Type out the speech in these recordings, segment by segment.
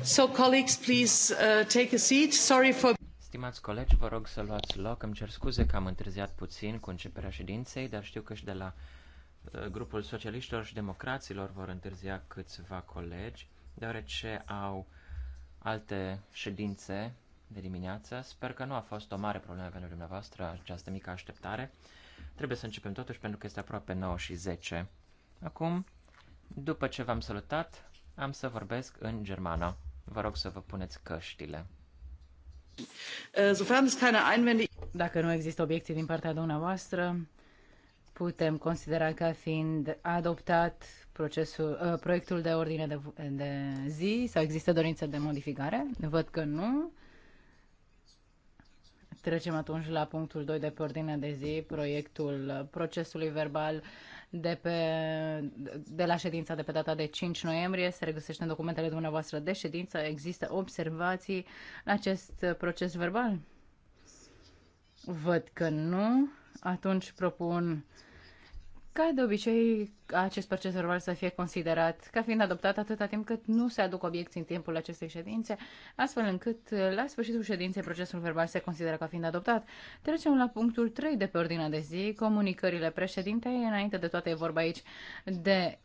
Uh, Stimați colegi, vă rog să luați loc. Îmi cer scuze că am întârziat puțin cu începerea ședinței, dar știu că și de la uh, grupul socialiștilor și democraților vor întârzia câțiva colegi, deoarece au alte ședințe de dimineață. Sper că nu a fost o mare problemă pentru dumneavoastră această mică așteptare. Trebuie să începem totuși pentru că este aproape 9 și 10. Acum, după ce v-am salutat, am să vorbesc în germană. Vă rog să vă puneți căștile. Dacă nu există obiecții din partea dumneavoastră, putem considera ca fiind adoptat procesul, proiectul de ordine de, de zi sau există dorință de modificare? Văd că nu. Trecem atunci la punctul 2 de pe ordine de zi, proiectul procesului verbal de, pe, de la ședința de pe data de 5 noiembrie, se regăsește în documentele dumneavoastră de ședință. Există observații la acest proces verbal? Văd că nu. Atunci propun uh, ca de obicei, acest proces verbal să fie considerat ca fiind adoptat atâta timp cât nu se aduc obiecții în timpul acestei ședințe, astfel încât la sfârșitul ședinței procesul verbal se consideră ca fiind adoptat. Trecem la punctul 3 de pe ordinea de zi, comunicările președintei. Înainte de toate e vorba aici de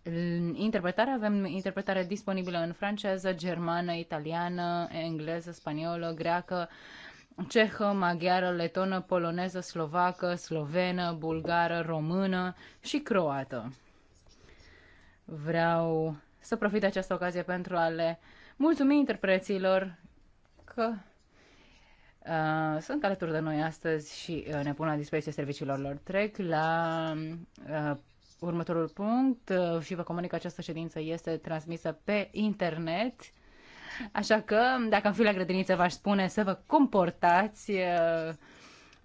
interpretare. Avem interpretare disponibilă în franceză, germană, italiană, engleză, spaniolă, greacă, cehă, maghiară, letonă, poloneză, slovacă, slovenă, bulgară, română și croată. Vreau să profit de această ocazie pentru a le mulțumi interpreților că uh, sunt alături de noi astăzi și uh, ne pun la dispoziție serviciilor lor. Trec la uh, următorul punct uh, și vă comunic că această ședință este transmisă pe internet. Așa că, dacă am fi la grădiniță, v-aș spune să vă comportați eh,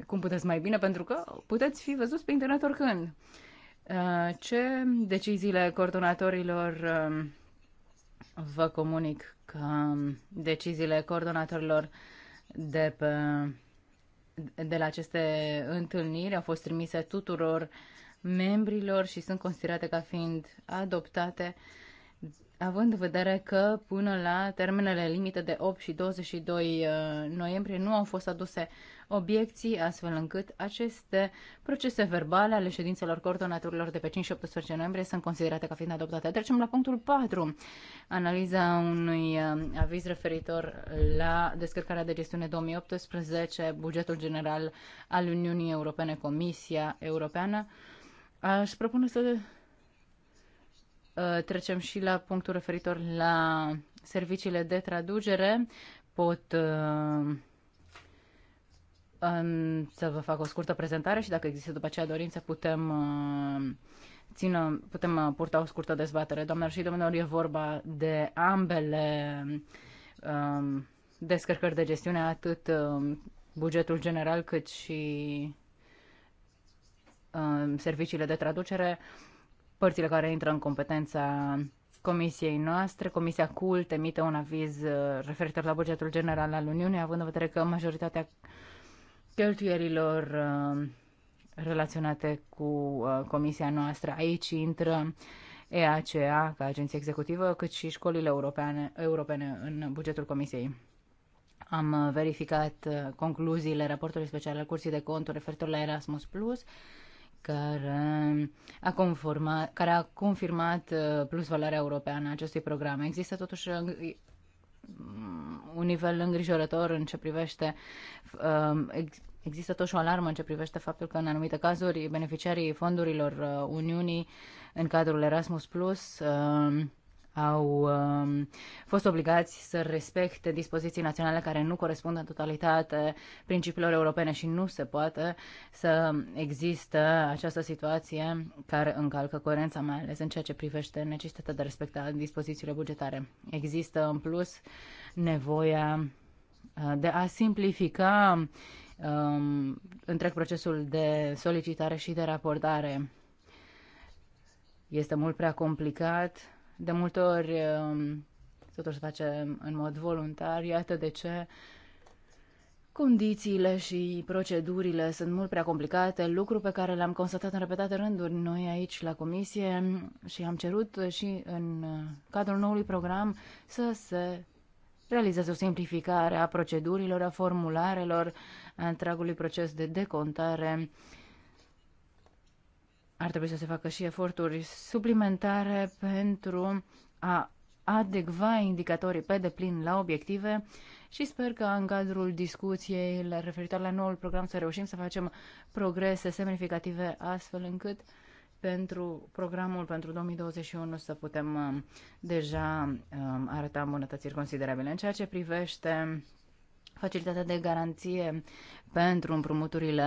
cum puteți mai bine, pentru că puteți fi văzuți pe internet oricând. Eh, ce deciziile coordonatorilor eh, vă comunic că deciziile coordonatorilor de pe de la aceste întâlniri au fost trimise tuturor membrilor și sunt considerate ca fiind adoptate având în vedere că până la termenele limite de 8 și 22 uh, noiembrie nu au fost aduse obiecții, astfel încât aceste procese verbale ale ședințelor coordonatorilor de pe 5 și 18 noiembrie sunt considerate ca fiind adoptate. Trecem la punctul 4, analiza unui uh, aviz referitor la descărcarea de gestiune 2018, bugetul general al Uniunii Europene, Comisia Europeană. Aș propune să Uh, trecem și la punctul referitor la serviciile de traducere. Pot uh, să vă fac o scurtă prezentare și dacă există după aceea dorință putem uh, țină, putem purta o scurtă dezbatere. Doamnelor și domnilor, e vorba de ambele um, descărcări de gestiune, atât um, bugetul general cât și um, serviciile de traducere. Uh, părțile care intră în competența comisiei noastre. Comisia CULT emite un aviz uh, referitor la bugetul general al Uniunii, având în vedere că majoritatea cheltuierilor uh, relaționate cu uh, comisia noastră aici intră EACA ca agenție executivă, cât și școlile europeane, europene în bugetul comisiei. Am verificat concluziile raportului special al Curții de Conturi referitor la Erasmus+, Plus care a, conformat, care a confirmat uh, plus valoarea europeană a acestui program. Există totuși uh, mm, un nivel îngrijorător în ce privește uh, Există totuși o alarmă în ce privește faptul că în anumite cazuri beneficiarii fondurilor Uniunii în cadrul Erasmus Plus au um, fost obligați să respecte dispoziții naționale care nu corespund în totalitate principiilor europene și nu se poate să există această situație care încalcă coerența, mai ales în ceea ce privește necesitatea de a respecta dispozițiile bugetare. Există în plus nevoia uh, de a simplifica um, întreg procesul de solicitare și de raportare. Este mult prea complicat de multe ori um, totul se face în mod voluntar, iată de ce Condițiile și procedurile sunt mult prea complicate, lucru pe care l-am constatat în repetate rânduri noi aici la comisie și am cerut și în uh, cadrul noului program să se realizeze o simplificare a procedurilor, a formularelor, a întregului proces de decontare ar trebui să se facă și eforturi suplimentare pentru a adecva indicatorii pe deplin la obiective și sper că în cadrul discuției referitor la noul program să reușim să facem progrese semnificative astfel încât pentru programul pentru 2021 să putem um, deja um, arăta îmbunătățiri considerabile. În ceea ce privește facilitatea de garanție pentru împrumuturile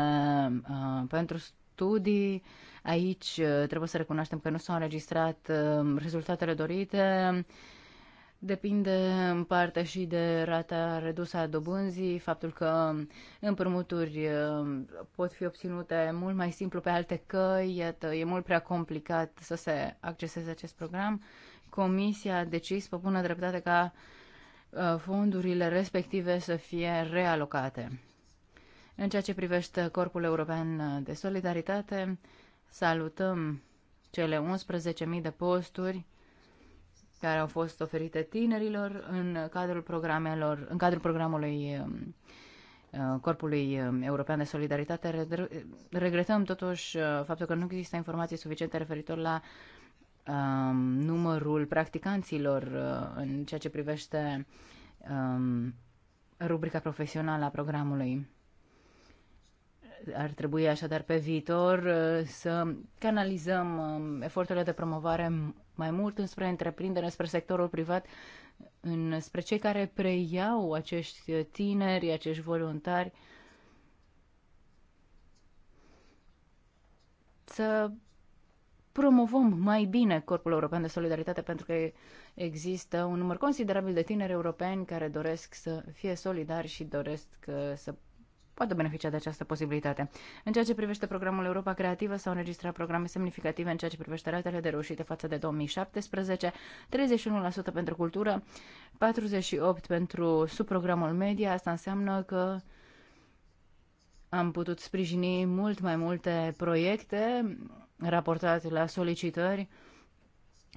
uh, pentru studii, Aici uh, trebuie să recunoaștem că nu s-au înregistrat uh, rezultatele dorite. Depinde în parte și de rata redusă a dobânzii, faptul că împrumuturi uh, pot fi obținute mult mai simplu pe alte căi, iată, e mult prea complicat să se acceseze acest program. Comisia a decis pe bună dreptate ca fondurile respective să fie realocate. În ceea ce privește Corpul European de Solidaritate, Salutăm cele 11.000 de posturi care au fost oferite tinerilor în cadrul programelor, în cadrul programului um, uh, Corpului um, European de Solidaritate. Regretăm totuși uh, faptul că nu există informații suficiente referitor la um, numărul practicanților uh, în ceea ce privește rubrica profesională a programului. Ar trebui așadar pe viitor uh, să canalizăm um, eforturile de promovare mai mult înspre întreprindere, spre sectorul privat, spre cei care preiau acești uh, tineri, acești voluntari, să promovăm mai bine Corpul European de Solidaritate pentru că există un număr considerabil de tineri europeni care doresc să fie solidari și doresc uh, să poate beneficia de această posibilitate. În ceea ce privește programul Europa Creativă, s-au înregistrat programe semnificative în ceea ce privește ratele de reușite față de 2017, 31% pentru cultură, 48% pentru subprogramul media. Asta înseamnă că am putut sprijini mult mai multe proiecte raportate la solicitări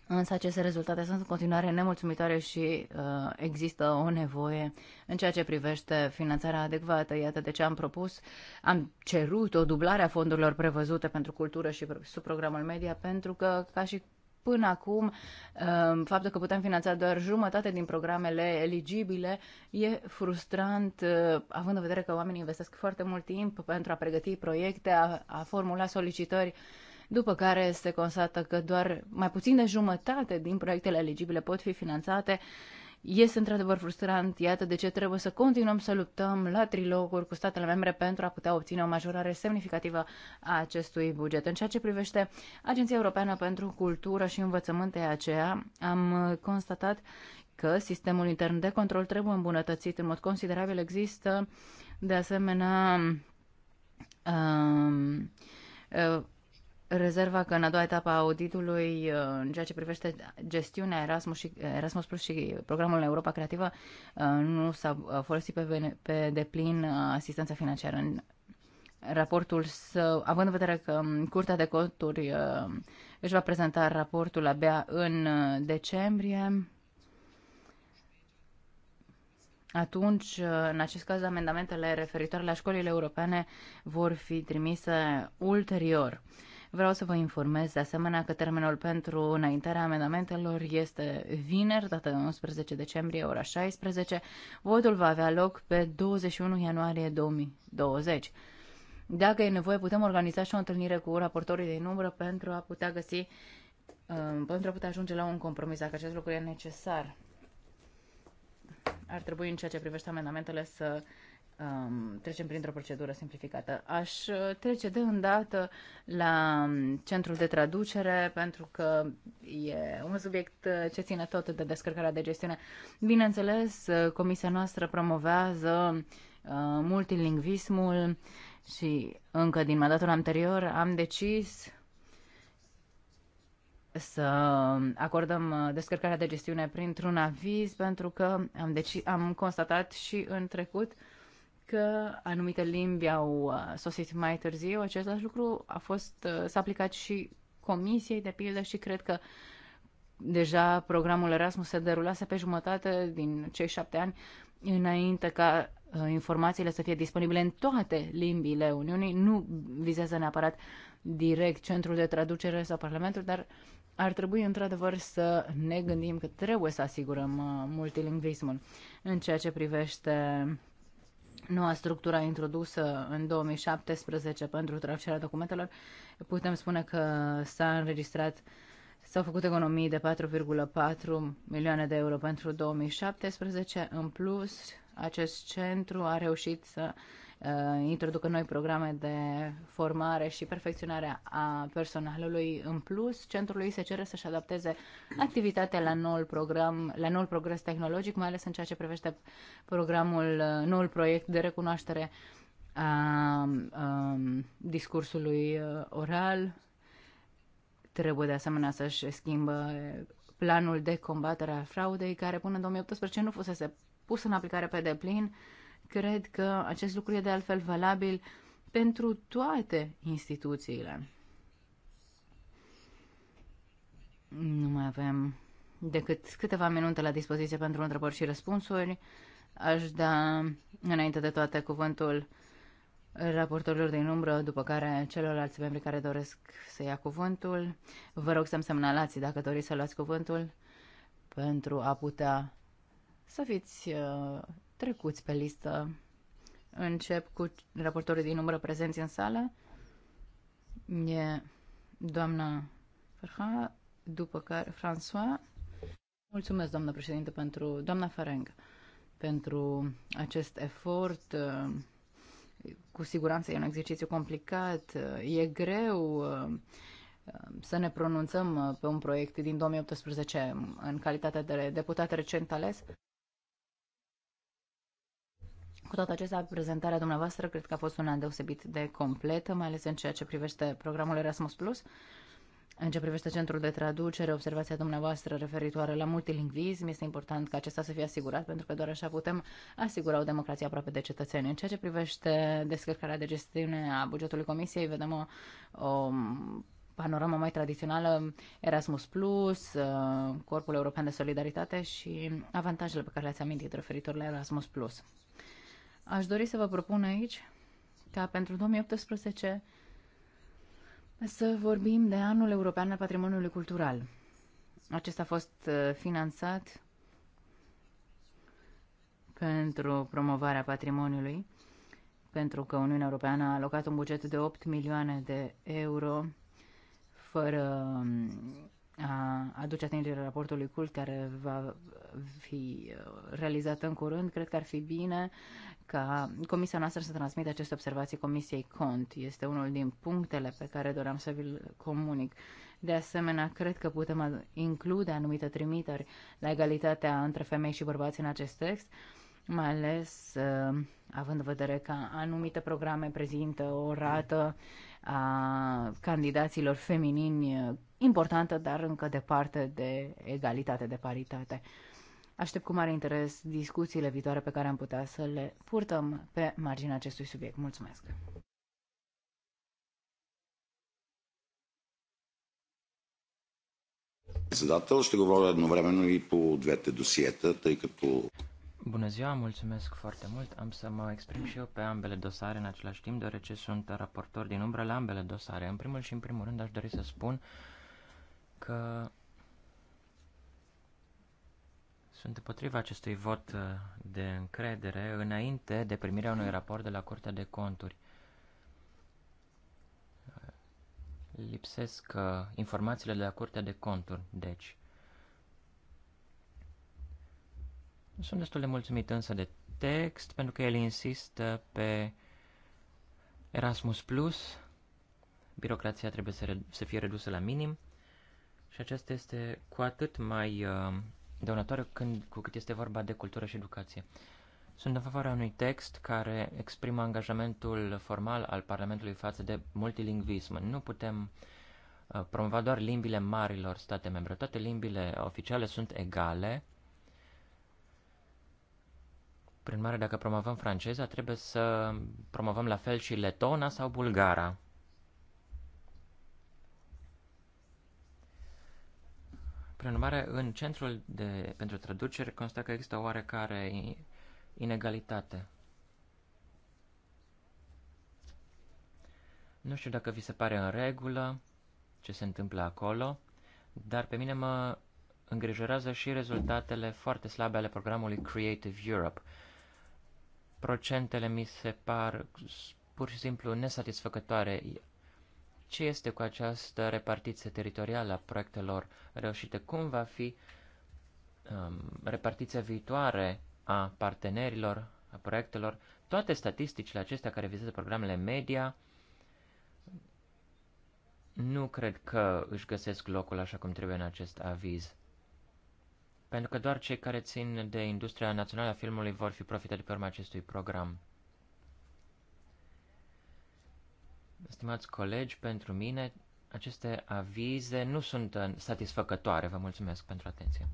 Însă aceste rezultate sunt în continuare nemulțumitoare și uh, există o nevoie în ceea ce privește finanțarea adecvată. Iată de ce am propus, am cerut o dublare a fondurilor prevăzute pentru cultură și sub programul media, pentru că, ca și până acum, uh, faptul că putem finanța doar jumătate din programele eligibile e frustrant, uh, având în vedere că oamenii investesc foarte mult timp pentru a pregăti proiecte, a, a formula solicitări uh, după care se constată că doar mai puțin de jumătate din proiectele eligibile pot fi finanțate, este într-adevăr frustrant, iată de ce trebuie să continuăm să luptăm la trilocuri cu statele membre pentru a putea obține o majorare semnificativă a acestui buget. În ceea ce privește Agenția Europeană pentru Cultură și Învățământ, aceea am constatat că sistemul intern de control trebuie îmbunătățit în mod considerabil. Există, de asemenea, um, uh, rezerva că în a doua etapă a auditului, uh, în ceea ce privește gestiunea Erasmus, și, Erasmus Plus și programul Europa Creativă, uh, nu s-a uh, folosit pe, pe deplin asistența financiară în raportul său, având în vedere că um, Curtea de Conturi își va prezenta raportul abia în decembrie, atunci, în acest caz, amendamentele referitoare la școlile europene vor fi trimise ulterior. Vreau să vă informez de asemenea că termenul pentru înaintarea amendamentelor este vineri, data 11 decembrie, ora 16. Votul va avea loc pe 21 ianuarie 2020. Dacă e nevoie, putem organiza și o întâlnire cu raportorii de numără pentru a putea găsi, um, pentru a putea ajunge la un compromis, dacă acest lucru e necesar. Ar trebui, în ceea ce privește amendamentele, să um, trecem printr-o procedură simplificată. Aș uh, trece de îndată la um, centrul de traducere, pentru că e un subiect uh, ce ține tot de descărcarea de gestiune. Bineînțeles, uh, comisia noastră promovează uh, multilingvismul și încă din mandatul anterior am decis să acordăm descărcarea de gestiune printr-un aviz, pentru că am, deci, am constatat și în trecut uh, că anumite limbi au uh, sosit mai târziu. același lucru a fost, uh, s-a aplicat și comisiei, de pildă, și cred că deja programul Erasmus se derulase pe jumătate din cei șapte ani înainte ca uh, informațiile să fie disponibile în toate limbile Uniunii. Nu vizează neapărat direct centrul de traducere sau parlamentul, dar ar trebui într-adevăr să ne gândim că trebuie să asigurăm multilingvismul în ceea ce privește noua structură introdusă în 2017 pentru traducerea documentelor, putem spune că s-a înregistrat S-au făcut economii de 4,4 milioane de euro pentru 2017. În plus, acest centru a reușit să Uh, introducă noi programe de formare și perfecționare a personalului. În plus, centrului se cere să-și adapteze activitatea la noul program, la noul progres tehnologic, mai ales în ceea ce privește programul, uh, noul proiect de recunoaștere a, um, uh, discursului oral. Trebuie de asemenea să-și schimbă planul de combatere a fraudei, care până în 2018 nu fusese pus în aplicare pe deplin Cred că acest lucru e de altfel valabil pentru toate instituțiile. Nu mai avem decât câteva minute la dispoziție pentru întrebări și răspunsuri. Aș da, înainte de toate, cuvântul raportorilor din umbră, după care celorlalți membri care doresc să ia cuvântul. Vă rog să-mi semnalați dacă doriți să luați cuvântul pentru a putea să fiți uh, trecuți pe listă. Încep cu raportorii din umbră prezenți în sală. E doamna Ferha, după care François. Mulțumesc, doamnă președinte, pentru doamna Fareng, pentru acest efort. Cu siguranță e un exercițiu complicat, e greu uh, să ne pronunțăm uh, pe un proiect din 2018 în calitate de deputat recent ales. Cu toate acestea, prezentarea dumneavoastră cred că a fost una deosebit de completă, mai ales în ceea ce privește programul Erasmus+. Plus. În ce privește centrul de traducere, observația dumneavoastră referitoare la multilingvism, este important ca acesta să fie asigurat, pentru că doar așa putem asigura o democrație aproape de cetățeni. În ceea ce privește descărcarea de gestiune a bugetului Comisiei, vedem o, o panorama mai tradițională, Erasmus+, Plus, uh, Corpul European de Solidaritate și avantajele pe care le-ați amintit referitor la Erasmus+. Plus. Aș dori să vă propun aici ca pentru 2018 să vorbim de Anul European al Patrimoniului Cultural. Acesta a fost uh, finanțat pentru promovarea patrimoniului, pentru că Uniunea Europeană a alocat un buget de 8 milioane de euro fără um, a aduce atingerea raportului cult care va fi uh, realizat în curând. Cred că ar fi bine ca comisia noastră să transmită aceste observații comisiei cont. Este unul din punctele pe care doream să vi-l comunic. De asemenea, cred că putem include anumite trimiteri la egalitatea între femei și bărbați în acest text, mai ales uh, având în vedere că anumite programe prezintă o rată a candidaților feminini uh, importantă, dar încă departe de egalitate, de paritate. Uh, Aștept cu mare interes discuțiile viitoare pe care am putea să le purtăm pe marginea acestui subiect. Mulțumesc! Председател, ще говоря едновременно и по двете досиета, тъй като... Bună ziua, mulțumesc foarte mult. Am să mă exprim și eu pe ambele dosare în același timp, deoarece sunt raportor din umbră la ambele dosare. În primul și în primul rând aș dori să spun că sunt împotriva acestui vot uh, de încredere înainte de primirea unui raport de la Curtea de Conturi. Lipsesc uh, informațiile de la Curtea de Conturi, deci. Sunt destul de mulțumit însă de text, pentru că el insistă pe Erasmus+, Plus, birocrația trebuie să, să fie redusă la minim și acesta este cu atât mai uh, dăunătoare când, cu cât este vorba de cultură și educație. Sunt în favoarea unui text care exprimă angajamentul formal al Parlamentului față de multilingvism. Nu putem uh, promova doar limbile marilor state membre. Toate limbile oficiale sunt egale. Prin mare, dacă promovăm franceza, trebuie să promovăm la fel și letona sau bulgara. Prin urmare, în centrul de, pentru traducere constă că există oarecare inegalitate. Nu știu dacă vi se pare în regulă ce se întâmplă acolo, dar pe mine mă îngrijorează și rezultatele foarte slabe ale programului Creative Europe. Procentele mi se par pur și simplu nesatisfăcătoare ce este cu această repartiție teritorială a proiectelor reușite, cum va fi um, repartiția viitoare a partenerilor, a proiectelor, toate statisticile acestea care vizează programele media, nu cred că își găsesc locul așa cum trebuie în acest aviz. Pentru că doar cei care țin de industria națională a filmului vor fi profitați pe urma acestui program. Stimați colegi, pentru mine aceste avize nu sunt uh, satisfăcătoare. Vă mulțumesc pentru atenție.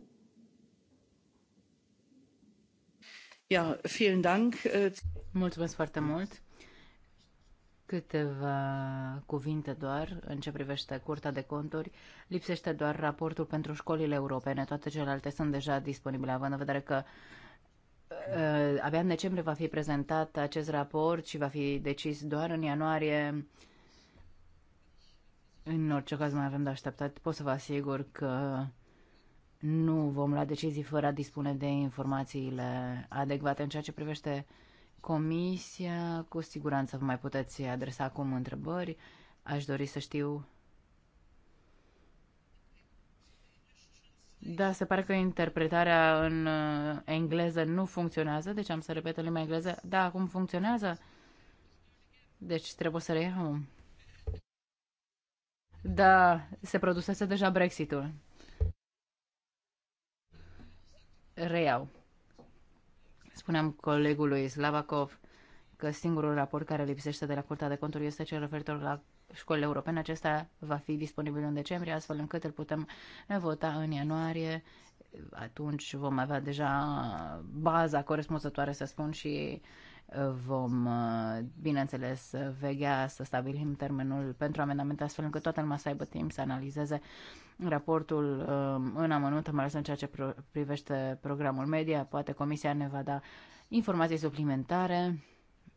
Ja, vielen Dank. Mulțumesc foarte mult. Câteva cuvinte doar în ce privește Curtea de Conturi. Lipsește doar raportul pentru școlile europene. Toate celelalte sunt deja disponibile, având în vedere că Eh, abia în decembrie va fi prezentat acest raport și va fi decis doar în ianuarie. În orice caz mai avem de așteptat. Pot să vă asigur că nu vom lua decizii fără a dispune de informațiile adecvate în ceea ce privește comisia. Cu siguranță vă mai puteți adresa acum întrebări. Aș dori să știu Da, se pare că interpretarea în uh, engleză nu funcționează, deci am să repet în limba engleză. Da, acum funcționează. Deci trebuie să reiau. Da, se produsese deja Brexitul. Reiau. Spuneam colegului Slavakov că singurul raport care lipsește de la Curtea de Conturi este cel referitor la școlile europene. Acesta va fi disponibil în decembrie, astfel încât îl putem vota în ianuarie. Atunci vom avea deja baza corespunzătoare, să spun, și uh, vom, uh, bineînțeles, vegea să stabilim termenul pentru amendament. astfel încât toată lumea să aibă timp să analizeze raportul uh, în amănunt, mai ales în ceea ce privește programul media. Poate Comisia ne va da informații suplimentare.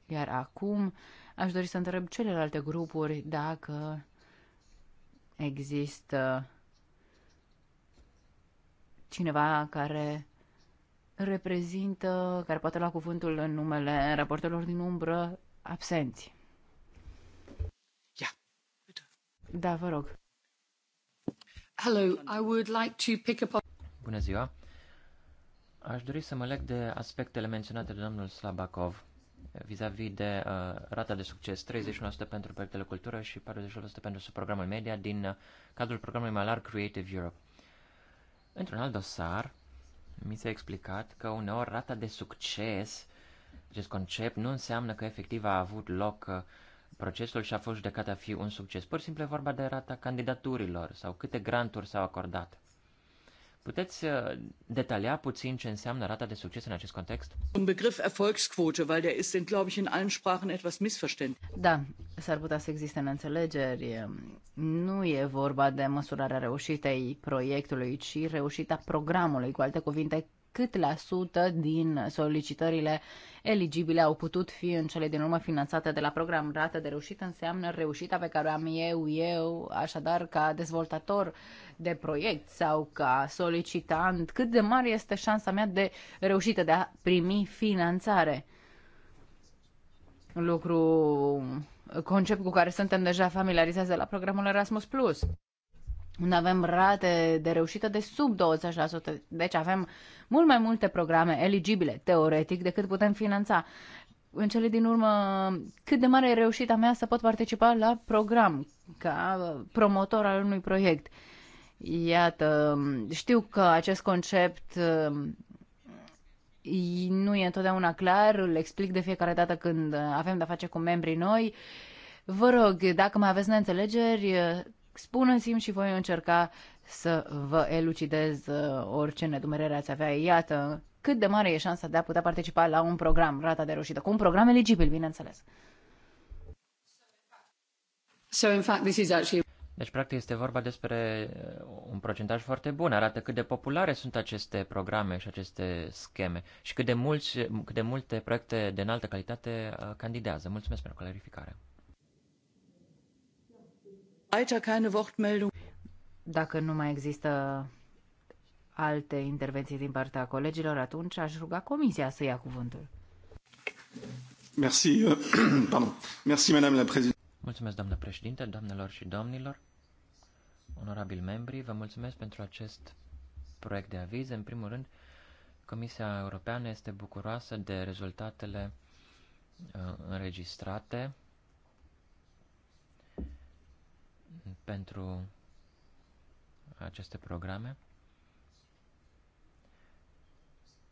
Iar acum Aș dori să întreb celelalte grupuri dacă există cineva care reprezintă, care poate lua cuvântul în numele raportelor din umbră, absenți. Da, vă rog. Hello, I would like to pick up on... Bună ziua! Aș dori să mă leg de aspectele menționate de domnul Slabakov vis-a-vis -vis de uh, rata de succes, 31% pentru proiectele cultură și 40% pentru programul media din uh, cadrul programului Malar Creative Europe. Într-un alt dosar, mi s-a explicat că uneori rata de succes, acest concept, nu înseamnă că efectiv a avut loc uh, procesul și a fost judecat a fi un succes. Pur și simplu e vorba de rata candidaturilor sau câte granturi s-au acordat. Puteți uh, detalia puțin ce înseamnă rata de succes în acest context? Un begriff Erfolgsquote, weil der ist, glaube ich, in allen Sprachen etwas missverständlich. Da, s-ar putea să existe neînțelegeri. Nu e vorba de măsurarea reușitei proiectului, ci reușita programului. Cu alte cuvinte, cât la sută din solicitările eligibile au putut fi în cele din urmă finanțate de la program. Rată de reușită înseamnă reușita pe care o am eu, eu, așadar ca dezvoltator de proiect sau ca solicitant, cât de mare este șansa mea de reușită, de a primi finanțare. Lucru, concept cu care suntem deja familiarizați de la programul Erasmus+ unde avem rate de reușită de sub 20%. Deci avem mult mai multe programe eligibile, teoretic, decât putem finanța. În cele din urmă, cât de mare e reușita mea să pot participa la program ca promotor al unui proiect. Iată, știu că acest concept um, nu e întotdeauna clar, îl explic de fiecare dată când avem de-a face cu membrii noi. Vă rog, dacă mai aveți neînțelegeri, Spuneți-mi și voi încerca să vă elucidez uh, orice nedumerere ați avea. Iată cât de mare e șansa de a putea participa la un program, rata de reușită. cu un program eligibil, bineînțeles. So, in fact, this is actually... Deci, practic, este vorba despre uh, un procentaj foarte bun. Arată cât de populare sunt aceste programe și aceste scheme și cât de, mulți, cât de multe proiecte de înaltă calitate uh, candidează. Mulțumesc pentru clarificare. Alter keine Wortmeldung. Dacă nu mai există alte intervenții din partea colegilor, atunci aș ruga comisia să ia cuvântul. Merci, euh, pardon. Merci, madame la președinte. Mulțumesc, doamnă președinte, doamnelor și domnilor, onorabili membri, vă mulțumesc pentru acest proiect de aviz. În primul rând, Comisia Europeană este bucuroasă de rezultatele uh, înregistrate pentru aceste programe.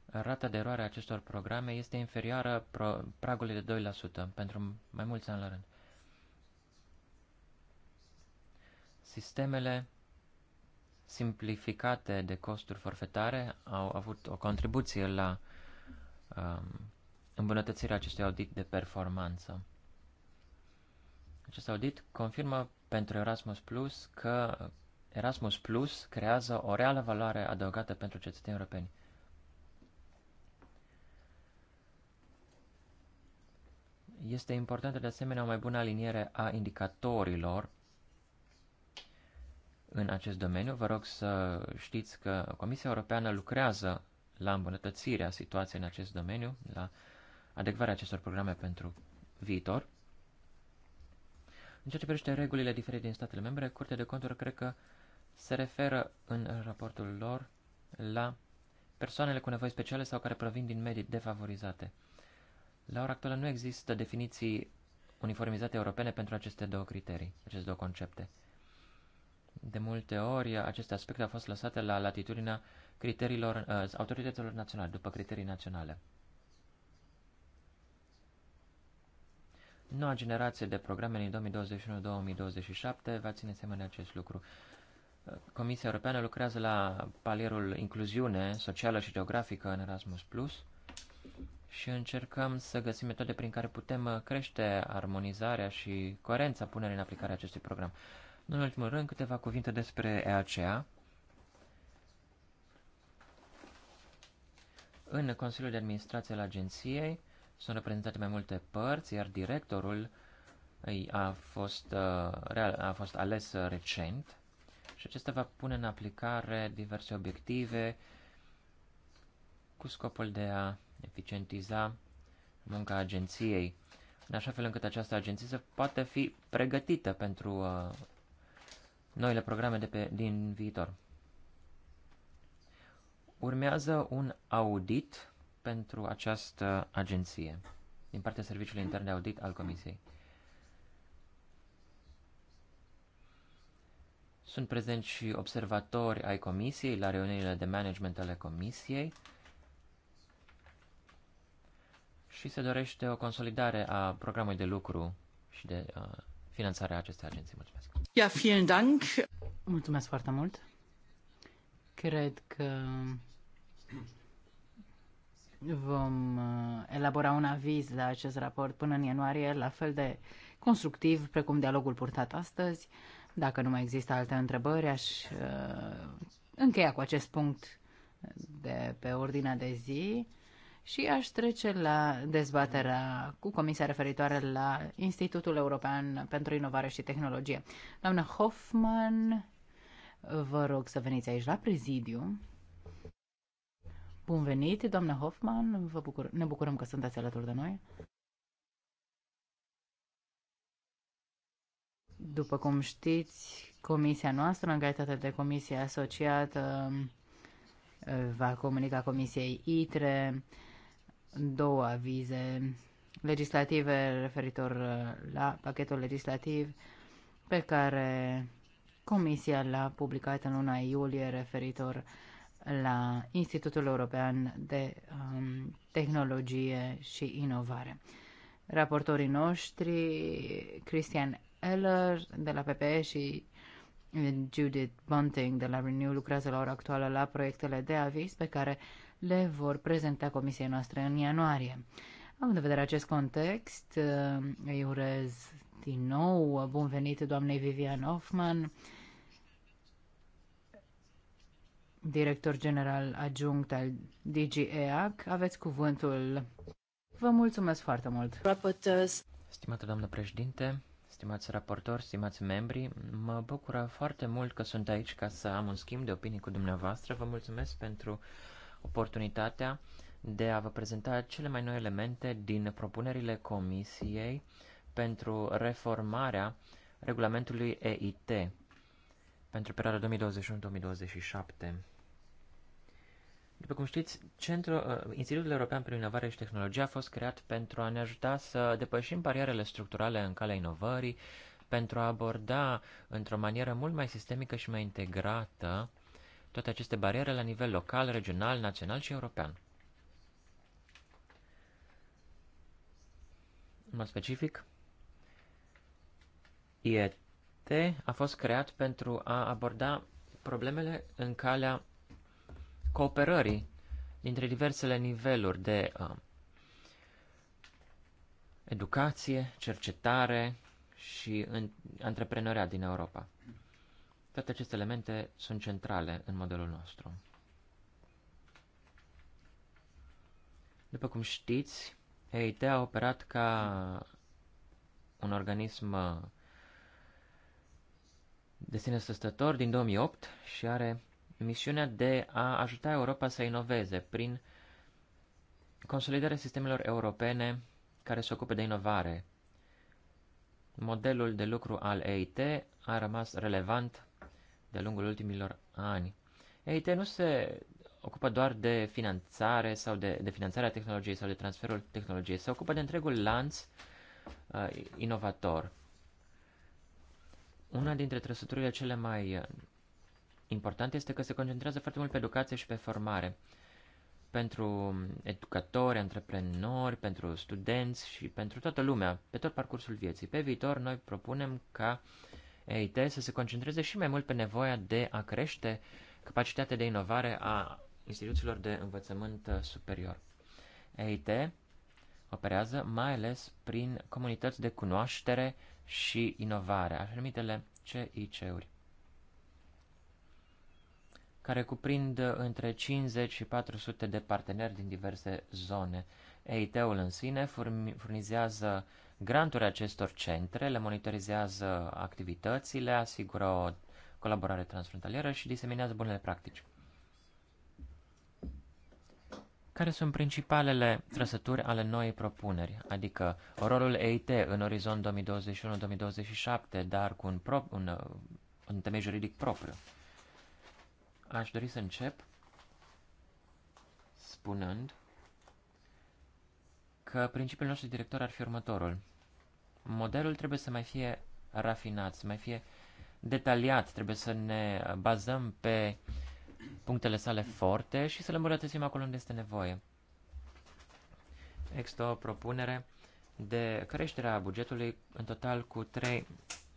Rata de eroare a acestor programe este inferioară pro pragului de 2% pentru mai mulți ani la rând. Sistemele simplificate de costuri forfetare au avut o contribuție la um, îmbunătățirea acestui audit de performanță. Acest audit confirmă pentru Erasmus Plus că Erasmus Plus creează o reală valoare adăugată pentru cetățenii europeni. Este importantă de asemenea o mai bună aliniere a indicatorilor în acest domeniu. Vă rog să știți că Comisia Europeană lucrează la îmbunătățirea situației în acest domeniu, la adecvarea acestor programe pentru viitor. În ceea ce privește regulile diferite din statele membre, Curtea de Conturi cred că se referă în raportul lor la persoanele cu nevoi speciale sau care provin din medii defavorizate. La ora actuală nu există definiții uniformizate europene pentru aceste două criterii, aceste două concepte. De multe ori, aceste aspecte au fost lăsate la latitudinea criteriilor, uh, autorităților naționale, după criterii naționale. Noua generație de programe din 2021-2027 va ține seama de acest lucru. Comisia Europeană lucrează la palierul incluziune socială și geografică în Erasmus Plus și încercăm să găsim metode prin care putem crește armonizarea și coerența punerii în aplicare a acestui program. în ultimul rând, câteva cuvinte despre EACA. În Consiliul de Administrație al Agenției, sunt reprezentate mai multe părți, iar directorul a fost, uh, a fost ales uh, recent și acesta va pune în aplicare diverse obiective cu scopul de a eficientiza munca agenției, în așa fel încât această agenție să poată fi pregătită pentru uh, noile programe de pe, din viitor. Urmează un audit pentru această agenție din partea Serviciului Intern de Audit al Comisiei. Sunt prezenți și observatori ai comisiei la reuniunile de management ale comisiei și se dorește o consolidare a programului de lucru și de uh, finanțare a acestei agenții. Mulțumesc. Ja, vielen Dank. Mulțumesc foarte mult. Cred că Vom uh, elabora un aviz la acest raport până în ianuarie, la fel de constructiv precum dialogul purtat astăzi. Dacă nu mai există alte întrebări, aș uh, încheia cu acest punct de pe ordinea de zi și aș trece la dezbaterea cu Comisia referitoare la Institutul European pentru Inovare și Tehnologie. Doamna Hoffman, vă rog să veniți aici la prezidiu. Bun venit, doamna Hoffman, vă bucur, ne bucurăm că sunteți alături de noi. După cum știți, comisia noastră, în calitate de comisie asociată, va comunica comisiei ITRE două avize legislative referitor uh, la pachetul legislativ pe care comisia l-a publicat în luna iulie referitor uh, la Institutul European de um, Tehnologie și Inovare. Raportorii noștri, Christian Eller de la PPE și Judith Bunting de la Renew lucrează la ora actuală la proiectele de avis pe care le vor prezenta comisiei noastre în ianuarie. Având de vedere acest context, uh, îi urez din nou bun venit doamnei Vivian Hoffman, director general adjunct al DGEAC. Aveți cuvântul. Vă mulțumesc foarte mult. Rapporteurs. Stimată doamnă președinte, stimați raportori, stimați membri, mă bucură foarte mult că sunt aici ca să am un schimb de opinii cu dumneavoastră. Vă mulțumesc pentru oportunitatea de a vă prezenta cele mai noi elemente din propunerile Comisiei pentru reformarea regulamentului EIT pentru perioada 2021-2027. După cum știți, Centrul, uh, Institutul European pentru Inovare și Tehnologie a fost creat pentru a ne ajuta să depășim barierele structurale în calea inovării, pentru a aborda într-o manieră mult mai sistemică și mai integrată toate aceste bariere la nivel local, regional, național și european. În mod specific, IET a fost creat pentru a aborda problemele în calea cooperării dintre diversele niveluri de uh, educație, cercetare și în, antreprenoriat din Europa. Toate aceste elemente sunt centrale în modelul nostru. După cum știți, EIT a operat ca un organism uh, de sine stătător din 2008 și are misiunea de a ajuta Europa să inoveze prin consolidarea sistemelor europene care se ocupe de inovare. Modelul de lucru al EIT a rămas relevant de-a lungul ultimilor ani. EIT nu se ocupă doar de finanțare sau de, de finanțarea tehnologiei sau de transferul tehnologiei, se ocupă de întregul lanț uh, inovator. Una dintre trăsăturile cele mai uh, Important este că se concentrează foarte mult pe educație și pe formare. Pentru educatori, antreprenori, pentru studenți și pentru toată lumea, pe tot parcursul vieții. Pe viitor, noi propunem ca EIT să se concentreze și mai mult pe nevoia de a crește capacitatea de inovare a instituțiilor de învățământ uh, superior. EIT operează mai ales prin comunități de cunoaștere și inovare, așa numitele CIC-uri care cuprind uh, între 50 și 400 de parteneri din diverse zone. EIT-ul în sine furnizează granturi acestor centre, le monitorizează activitățile, asigură o colaborare transfrontalieră și diseminează bunele practici. Care sunt principalele trăsături ale noii propuneri, adică rolul EIT în orizont 2021-2027, dar cu un, pro- un, uh, un temei juridic propriu? Aș dori să încep spunând că principiul nostru director ar fi următorul. Modelul trebuie să mai fie rafinat, să mai fie detaliat, trebuie să ne bazăm pe punctele sale forte și să le îmbunătățim acolo unde este nevoie. Există o propunere de creșterea bugetului în total cu 3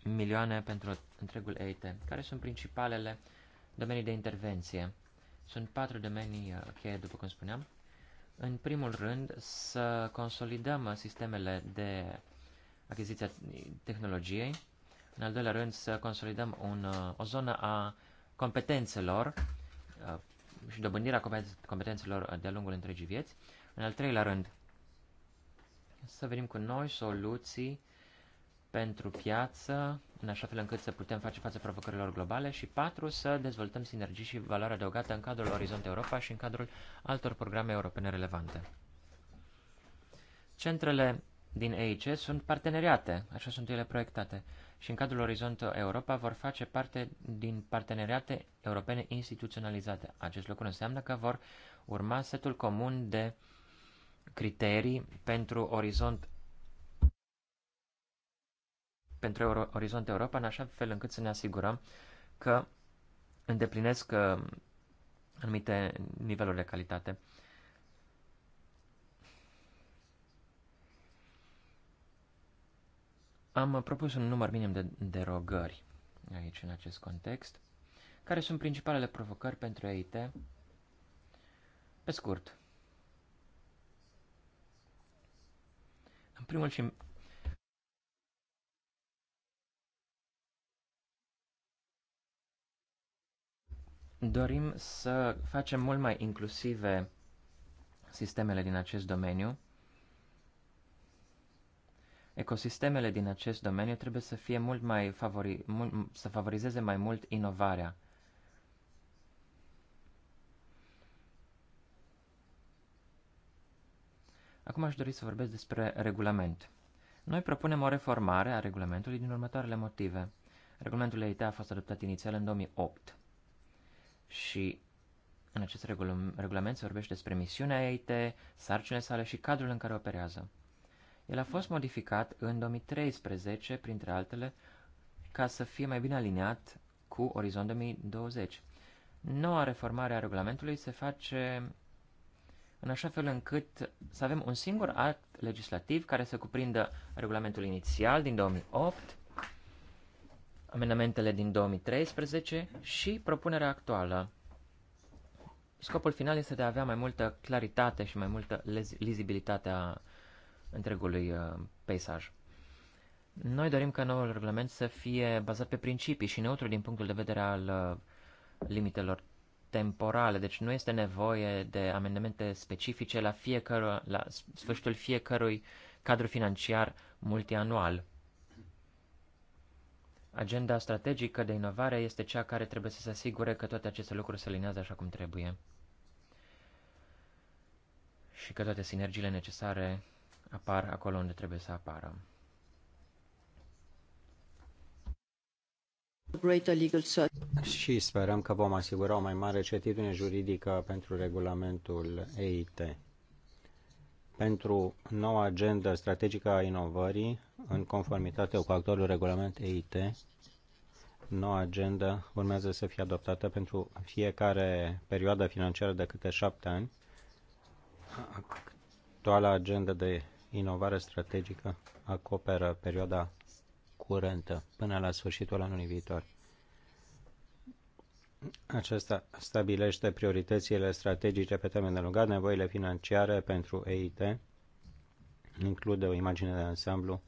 milioane pentru întregul EIT. Care sunt principalele uh, domenii de intervenție. Sunt patru domenii uh, cheie, okay, după cum spuneam. În primul rând, să consolidăm sistemele de achiziția tehnologiei. În al doilea rând, să consolidăm un, uh, o zonă a competențelor uh, și dobândirea competențelor de-a lungul întregii vieți. În al treilea rând, să venim cu noi soluții pentru piață, în așa fel încât să putem face față provocărilor globale și 4. Să dezvoltăm sinergii și valoare adăugată în cadrul Orizont Europa și în cadrul altor programe europene relevante. Centrele din EIC sunt parteneriate, așa sunt ele proiectate, și în cadrul Orizont Europa vor face parte din parteneriate europene instituționalizate. Acest lucru înseamnă că vor urma setul comun de criterii pentru Orizont pentru Euro- Orizont Europa, în așa fel încât să ne asigurăm că îndeplinesc uh, anumite niveluri de calitate. Am propus un număr minim de derogări aici, în acest context. Care sunt principalele provocări pentru EIT? Pe scurt. În primul și Dorim să facem mult mai inclusive sistemele din acest domeniu. Ecosistemele din acest domeniu trebuie să fie mult mai favori, mult, să favorizeze mai mult inovarea. Acum aș dori să vorbesc despre regulament. Noi propunem o reformare a regulamentului din următoarele motive. Regulamentul EIT a fost adoptat inițial în 2008 și în acest regulament se vorbește despre misiunea EIT, sarcinile sale și cadrul în care operează. El a fost modificat în 2013, printre altele, ca să fie mai bine aliniat cu Orizont 2020. Noua reformare a regulamentului se face în așa fel încât să avem un singur act legislativ care să cuprindă regulamentul inițial din 2008, amendamentele din 2013 și propunerea actuală. Scopul final este de a avea mai multă claritate și mai multă lizibilitate a întregului uh, peisaj. Noi dorim ca noul regulament să fie bazat pe principii și neutru din punctul de vedere al uh, limitelor temporale, deci nu este nevoie de amendamente specifice la, fiecare, la sfârșitul fiecărui cadru financiar multianual. Agenda strategică de inovare este cea care trebuie să se asigure că toate aceste lucruri se alinează așa cum trebuie și că toate sinergiile necesare apar acolo unde trebuie să apară. Și sperăm că vom asigura o mai mare certitudine juridică pentru regulamentul EIT pentru noua agenda strategică a inovării în conformitate cu actualul regulament EIT. Noua agenda urmează să fie adoptată pentru fiecare perioadă financiară de câte șapte ani. Actuala agenda de inovare strategică acoperă perioada curentă până la sfârșitul anului viitor. Acesta stabilește prioritățile strategice pe termen lungat, nevoile financiare pentru EIT, include o imagine de ansamblu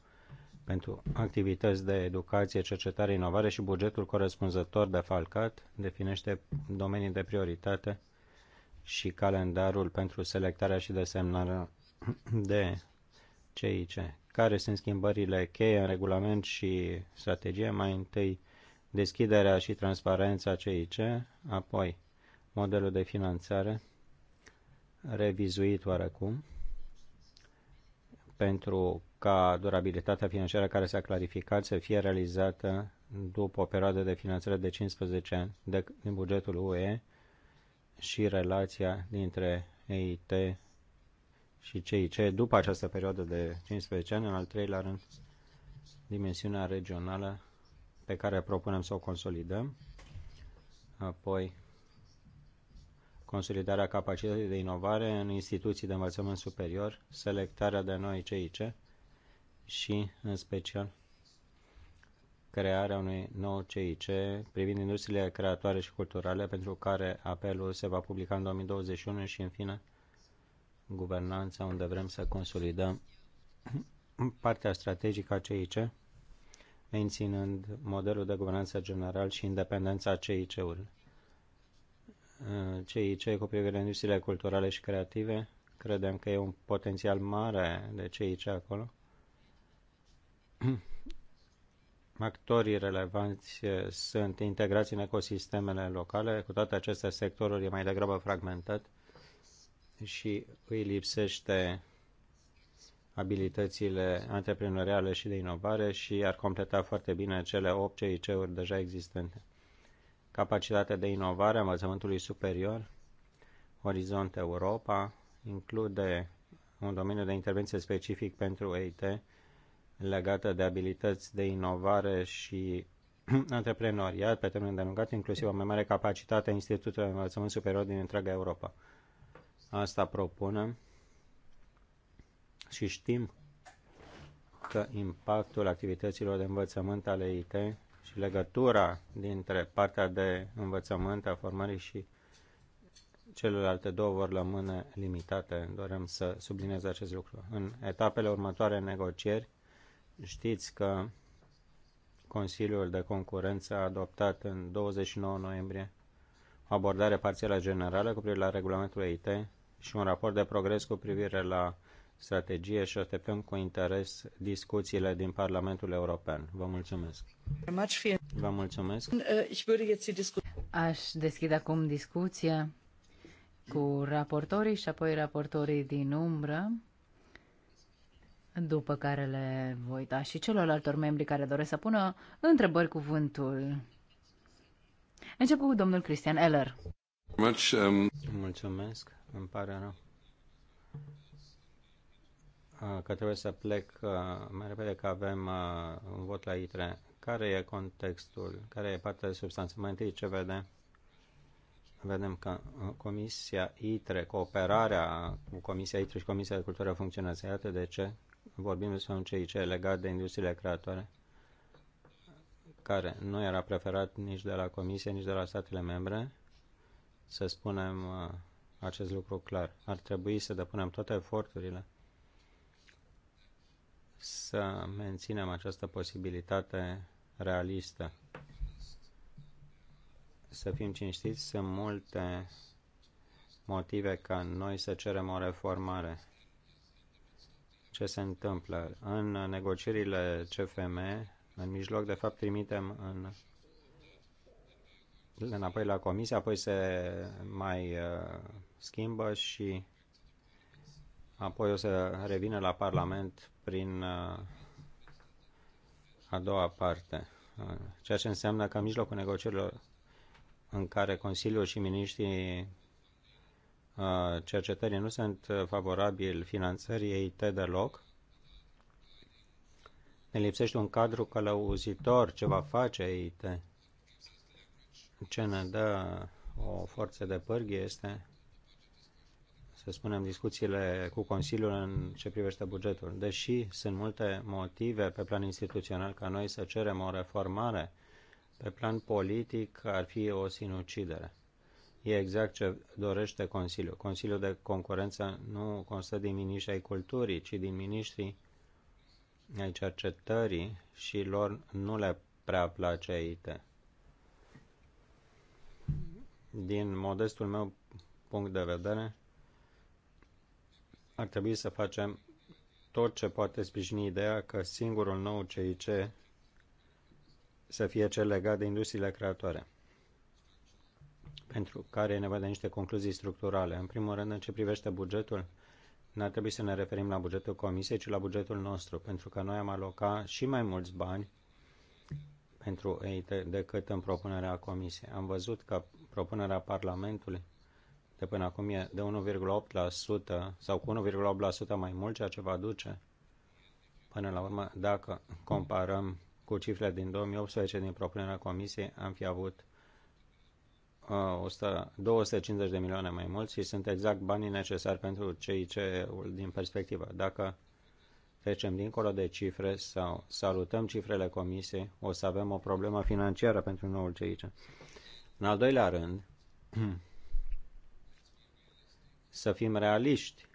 pentru activități de educație, cercetare, inovare și bugetul corespunzător de falcat, definește domenii de prioritate și calendarul pentru selectarea și desemnarea de CIC. Care sunt schimbările cheie în regulament și strategie? Mai întâi, deschiderea și transparența CIC, apoi modelul de finanțare revizuit oarecum pentru ca durabilitatea financiară care s-a clarificat să fie realizată după o perioadă de finanțare de 15 ani de, din bugetul UE și relația dintre EIT și CIC după această perioadă de 15 ani, în al treilea rând, dimensiunea regională pe care propunem să o consolidăm, apoi consolidarea capacității de inovare în instituții de învățământ superior, selectarea de noi CIC și, în special, crearea unui nou CIC privind industriile creatoare și culturale, pentru care apelul se va publica în 2021 și, în fine, guvernanța, unde vrem să consolidăm partea strategică a CIC menținând modelul de guvernanță general și independența CIC-ului. CIC uh, cu privire la industriile culturale și creative, credem că e un potențial mare de CIC acolo. Actorii relevanți uh, sunt integrați în ecosistemele locale, cu toate acestea sectorul e mai degrabă fragmentat și îi lipsește abilitățile antreprenoriale și de inovare și ar completa foarte bine cele 8 CIC-uri deja existente. Capacitatea de inovare a învățământului superior, Orizont Europa, include un domeniu de intervenție specific pentru EIT legată de abilități de inovare și antreprenoriat pe termen delungat, inclusiv o mai mare capacitate a Institutului de Învățământ Superior din întreaga Europa. Asta propunem și știm că impactul activităților de învățământ ale IT și legătura dintre partea de învățământ a formării și celelalte două vor rămâne limitate. Dorem să subliniez acest lucru. În etapele următoare negocieri, știți că Consiliul de Concurență a adoptat în 29 noiembrie o abordare parțială generală cu privire la regulamentul EIT și un raport de progres cu privire la strategie și așteptăm cu interes discuțiile din Parlamentul European. Vă mulțumesc. Vă mulțumesc. Aș deschide acum discuția cu raportorii și apoi raportorii din umbră, după care le voi da și celorlaltor membri care doresc să pună întrebări cuvântul. Încep cu domnul Cristian Eller. Mulțumesc, îmi pare rău că trebuie să plec mai repede că avem un vot la ITRE. Care e contextul? Care e partea de substanță? Mai întâi ce vedem? Vedem că Comisia ITRE, cooperarea cu Comisia ITRE și Comisia de Cultură funcționează. Iată de ce vorbim despre un CIC legat de industriile creatoare care nu era preferat nici de la Comisie, nici de la statele membre, să spunem acest lucru clar. Ar trebui să depunem toate eforturile să menținem această posibilitate realistă. Să fim cinstiți, sunt multe motive ca noi să cerem o reformare. Ce se întâmplă? În negocierile CFM, în mijloc, de fapt, trimitem în înapoi la comisie, apoi se mai uh, schimbă și apoi o să revină la Parlament prin uh, a doua parte, uh, ceea ce înseamnă că în mijlocul negocierilor în care Consiliul și miniștrii uh, cercetării nu sunt favorabili finanțării te deloc, ne lipsește un cadru călăuzitor ce va face EIT. Ce ne dă o forță de pârghie este să spunem, discuțiile cu Consiliul în ce privește bugetul. Deși sunt multe motive pe plan instituțional ca noi să cerem o reformare, pe plan politic ar fi o sinucidere. E exact ce dorește Consiliul. Consiliul de concurență nu constă din miniștri ai culturii, ci din miniștrii ai cercetării și lor nu le prea place IT. Din modestul meu punct de vedere, ar trebui să facem tot ce poate sprijini ideea că singurul nou CIC să fie cel legat de industriile creatoare, pentru care e nevoie de niște concluzii structurale. În primul rând, în ce privește bugetul, nu ar trebui să ne referim la bugetul Comisiei, ci la bugetul nostru, pentru că noi am alocat și mai mulți bani pentru EIT decât în propunerea Comisiei. Am văzut că propunerea Parlamentului de până acum e de 1,8% sau cu 1,8% mai mult, ceea ce va duce până la urmă, dacă comparăm cu cifrele din 2018 din propunerea comisiei, am fi avut 100, uh, 250 de milioane mai mulți și sunt exact banii necesari pentru cei ce din perspectivă. Dacă trecem dincolo de cifre sau salutăm cifrele comisiei, o să avem o problemă financiară pentru noul CIC. În al doilea rând, să fim realiști.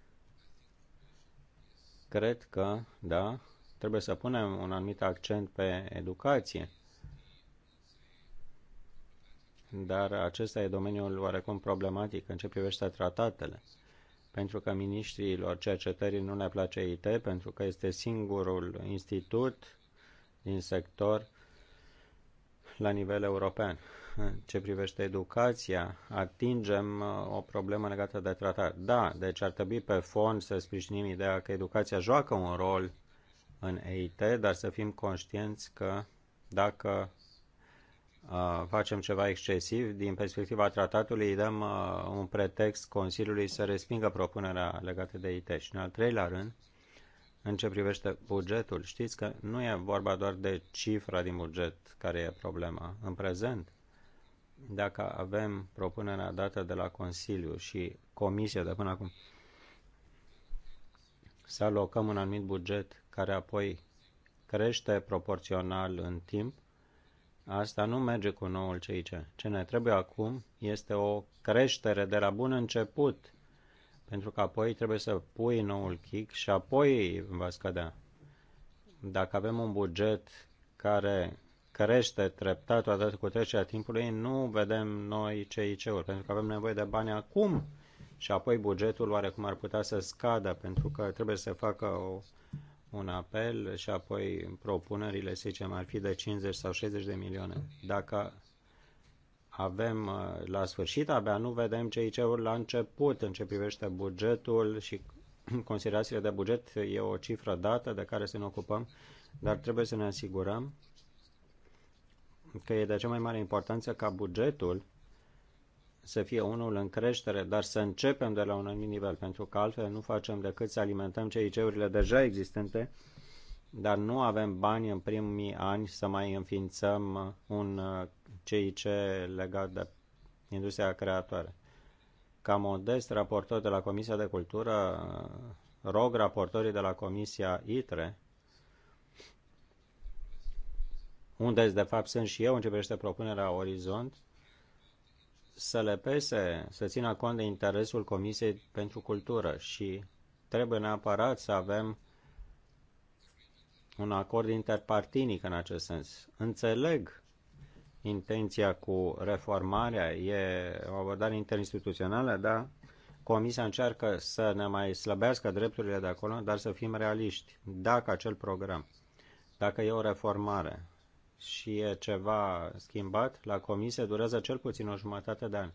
Cred că, da, trebuie să punem un anumit accent pe educație. Dar acesta e domeniul oarecum problematic în ce privește tratatele. Pentru că ministrilor cercetării nu le place IT, pentru că este singurul institut din sector la nivel european ce privește educația, atingem uh, o problemă legată de tratat. Da, deci ar trebui pe fond să sprijinim ideea că educația joacă un rol în EIT, dar să fim conștienți că dacă uh, facem ceva excesiv, din perspectiva tratatului îi dăm uh, un pretext Consiliului să respingă propunerea legată de EIT. Și în al treilea rând, în ce privește bugetul, știți că nu e vorba doar de cifra din buget care e problema. În prezent, dacă avem propunerea dată de la Consiliu și Comisia de până acum, să alocăm un anumit buget care apoi crește proporțional în timp, asta nu merge cu noul CIC. Ce ne trebuie acum este o creștere de la bun început, pentru că apoi trebuie să pui noul kick și apoi va scădea. Dacă avem un buget care crește treptat odată cu trecerea timpului, nu vedem noi CIC-uri, pentru că avem nevoie de bani acum și apoi bugetul oarecum ar putea să scadă, pentru că trebuie să facă o, un apel și apoi propunerile, să zicem, ar fi de 50 sau 60 de milioane. Dacă avem uh, la sfârșit, abia nu vedem CIC-uri la început în ce privește bugetul și considerațiile de buget e o cifră dată de care să ne ocupăm, dar trebuie să ne asigurăm că e de cea mai mare importanță ca bugetul să fie unul în creștere, dar să începem de la un anumit nivel, pentru că altfel nu facem decât să alimentăm cei urile deja existente, dar nu avem bani în primii ani să mai înființăm un CIC legat de industria creatoare. Ca modest raportor de la Comisia de Cultură, rog raportorii de la Comisia ITRE unde de fapt sunt și eu, începește propunerea Orizont, să le pese, să țină cont de interesul Comisiei pentru Cultură și trebuie neapărat să avem un acord interpartinic în acest sens. Înțeleg intenția cu reformarea, e o abordare interinstituțională, da. Comisia încearcă să ne mai slăbească drepturile de acolo, dar să fim realiști. Dacă acel program, dacă e o reformare, și e ceva schimbat la comisie, durează cel puțin o jumătate de an.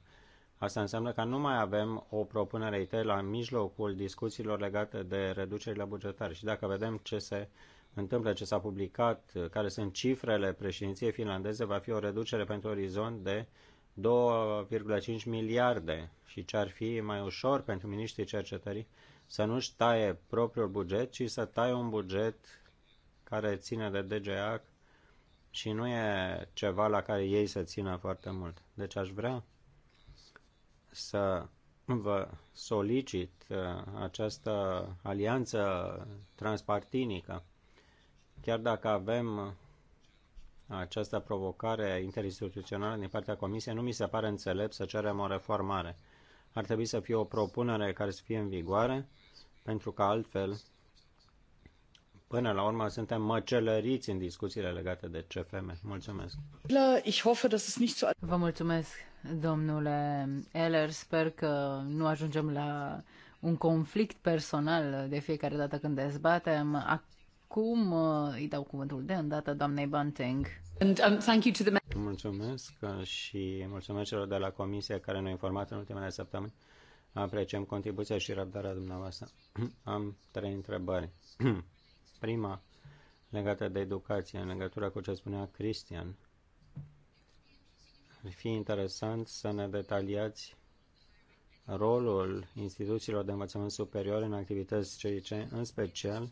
Asta înseamnă că nu mai avem o propunere IT la mijlocul discuțiilor legate de reducerile bugetare. Și dacă vedem ce se întâmplă, ce s-a publicat, care sunt cifrele președinției finlandeze, va fi o reducere pentru orizont de 2,5 miliarde și ce ar fi mai ușor pentru miniștrii cercetării să nu-și taie propriul buget, ci să taie un buget care ține de DGA, și nu e ceva la care ei să țină foarte mult. Deci aș vrea să vă solicit uh, această alianță transpartinică, chiar dacă avem această provocare interinstituțională din partea Comisiei, nu mi se pare înțelept să cerem o reformare. Ar trebui să fie o propunere care să fie în vigoare, pentru că altfel Până la urmă suntem măcelăriți în discuțiile legate de CFM. Mulțumesc. Vă mulțumesc, domnule Eller. Sper că nu ajungem la un conflict personal de fiecare dată când dezbatem. Acum uh, îi dau cuvântul de îndată doamnei Bunting. And, um, thank you to the... Mulțumesc uh, și mulțumesc celor de la comisie care ne-au informat în ultimele săptămâni. Apreciem contribuția și răbdarea dumneavoastră. Am trei întrebări. Prima legată de educație, în legătură cu ce spunea Cristian. Ar fi interesant să ne detaliați rolul instituțiilor de învățământ superior în activități ce, în special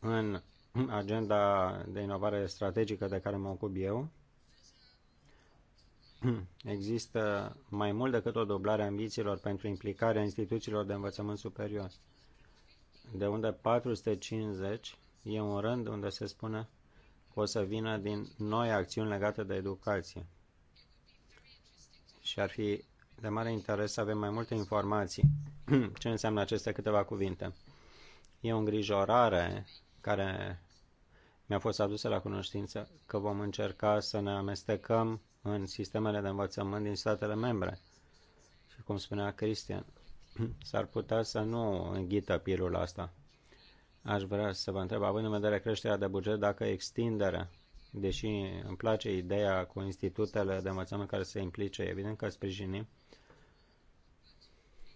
în agenda de inovare strategică de care mă ocup eu. Există mai mult decât o dublare a ambițiilor pentru implicarea instituțiilor de învățământ superior de unde 450 e un rând unde se spune că o să vină din noi acțiuni legate de educație. Și ar fi de mare interes să avem mai multe informații. Ce înseamnă aceste câteva cuvinte? E o îngrijorare care mi-a fost adusă la cunoștință că vom încerca să ne amestecăm în sistemele de învățământ din statele membre. Și cum spunea Cristian, s-ar putea să nu înghită pilul asta. Aș vrea să vă întreb, având în vedere creșterea de buget, dacă extinderea, deși îmi place ideea cu institutele de învățământ care se implice, evident că sprijinim,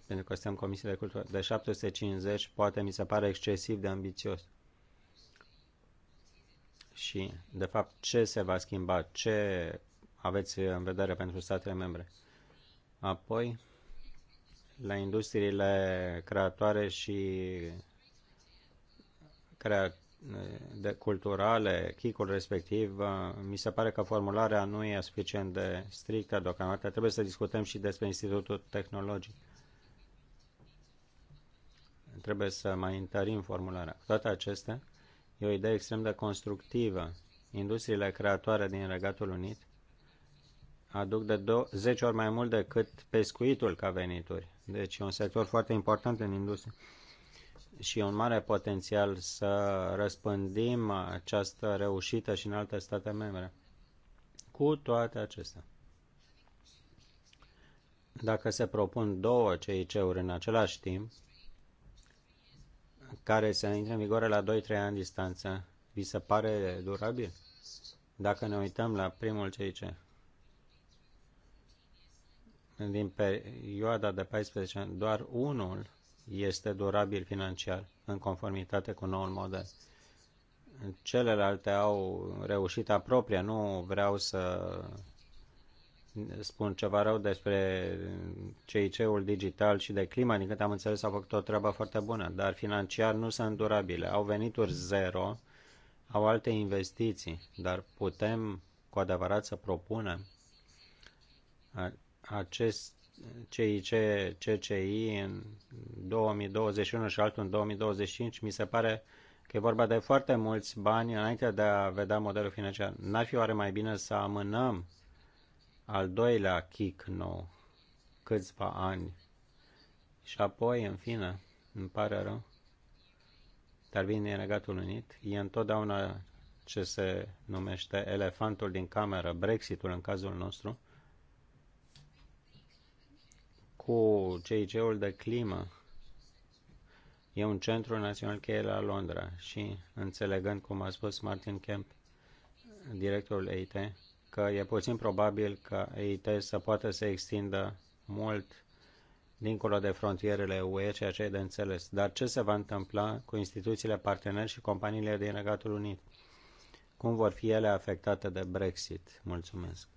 pentru că suntem comisie de cultură, de 750 poate mi se pare excesiv de ambițios. Și, de fapt, ce se va schimba? Ce aveți în vedere pentru statele membre? Apoi, la industriile creatoare și crea de culturale, chicul respectiv, uh, mi se pare că formularea nu e suficient de strictă deocamdată. Trebuie să discutăm și despre Institutul Tehnologic. Trebuie să mai întărim formularea. Cu toate acestea, e o idee extrem de constructivă. Industriile creatoare din Regatul Unit aduc de 10 ori mai mult decât pescuitul ca venituri. Deci e un sector foarte important în industrie și e un mare potențial să răspândim această reușită și în alte state membre. Cu toate acestea. Dacă se propun două CIC-uri în același timp, care să intre în vigoare la 2-3 ani distanță, vi se pare durabil? Dacă ne uităm la primul CIC, din perioada de 14 ani, doar unul este durabil financiar în conformitate cu noul model. Celelalte au reușita propria, nu vreau să spun ceva rău despre CIC-ul digital și de clima, din câte am înțeles au făcut o treabă foarte bună, dar financiar nu sunt durabile. Au venituri zero, au alte investiții, dar putem cu adevărat să propunem acest CIC, CCI în 2021 și altul în 2025, mi se pare că e vorba de foarte mulți bani înainte de a vedea modelul financiar. N-ar fi oare mai bine să amânăm al doilea kick nou câțiva ani și apoi, în fine, îmi pare rău, dar vine în Regatul Unit, e întotdeauna ce se numește elefantul din cameră, Brexitul în cazul nostru, cu CIC-ul de climă. E un centru național cheie la Londra și, înțelegând cum a spus Martin Kemp, directorul EIT, că e puțin probabil că EIT să poată să extindă mult dincolo de frontierele UE, ceea ce e de înțeles. Dar ce se va întâmpla cu instituțiile parteneri și companiile din Regatul Unit? Cum vor fi ele afectate de Brexit? Mulțumesc.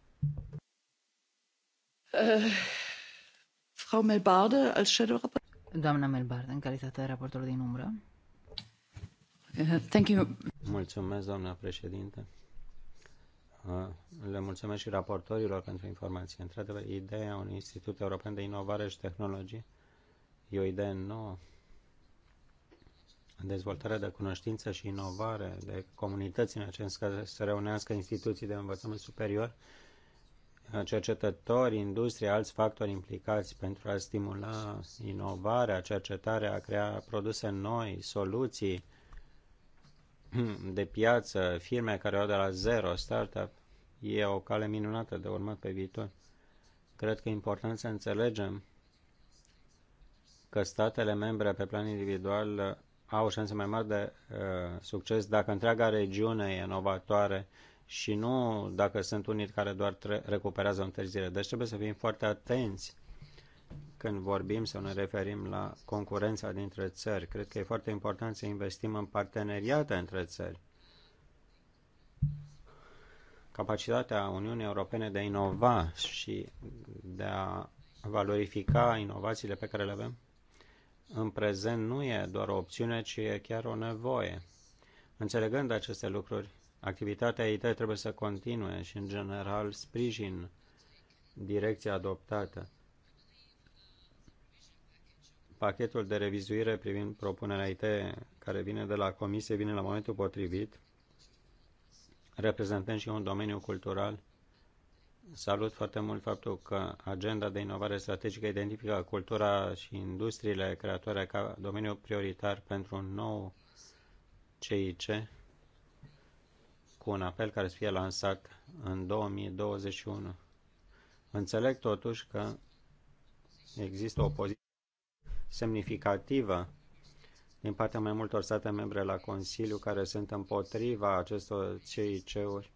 Uh. Frau Melbarde, als shadow rapporteur. Doamna Melbarde, în calitate de raportor din umbră. Uh, thank you. Mulțumesc, doamna președinte. Uh, le mulțumesc și raportorilor pentru informații. Într-adevăr, ideea unui Institut European de Inovare și Tehnologie e o idee nouă. Dezvoltarea de cunoștință și inovare de comunități, în acest caz, să reunească instituții de învățământ superior cercetători, industrie, alți factori implicați pentru a stimula inovarea, cercetarea, a crea produse noi, soluții de piață, firme care au de la zero startup, e o cale minunată de urmat pe viitor. Cred că e important să înțelegem că statele membre pe plan individual au șanse mai mari de uh, succes dacă întreaga regiune e inovatoare și nu dacă sunt unii care doar recuperează o întârziere. Deci trebuie să fim foarte atenți când vorbim sau ne referim la concurența dintre țări. Cred că e foarte important să investim în parteneriate între țări. Capacitatea Uniunii Europene de a inova și de a valorifica inovațiile pe care le avem în prezent nu e doar o opțiune, ci e chiar o nevoie. Înțelegând aceste lucruri, Activitatea IT trebuie să continue și, în general, sprijin direcția adoptată. Pachetul de revizuire privind propunerea IT care vine de la Comisie vine la momentul potrivit, reprezentând și un domeniu cultural. Salut foarte mult faptul că agenda de inovare strategică identifică cultura și industriile creatoare ca domeniu prioritar pentru un nou CIC cu un apel care să fie lansat în 2021. Înțeleg totuși că există o poziție semnificativă din partea mai multor state membre la Consiliu care sunt împotriva acestor CIC-uri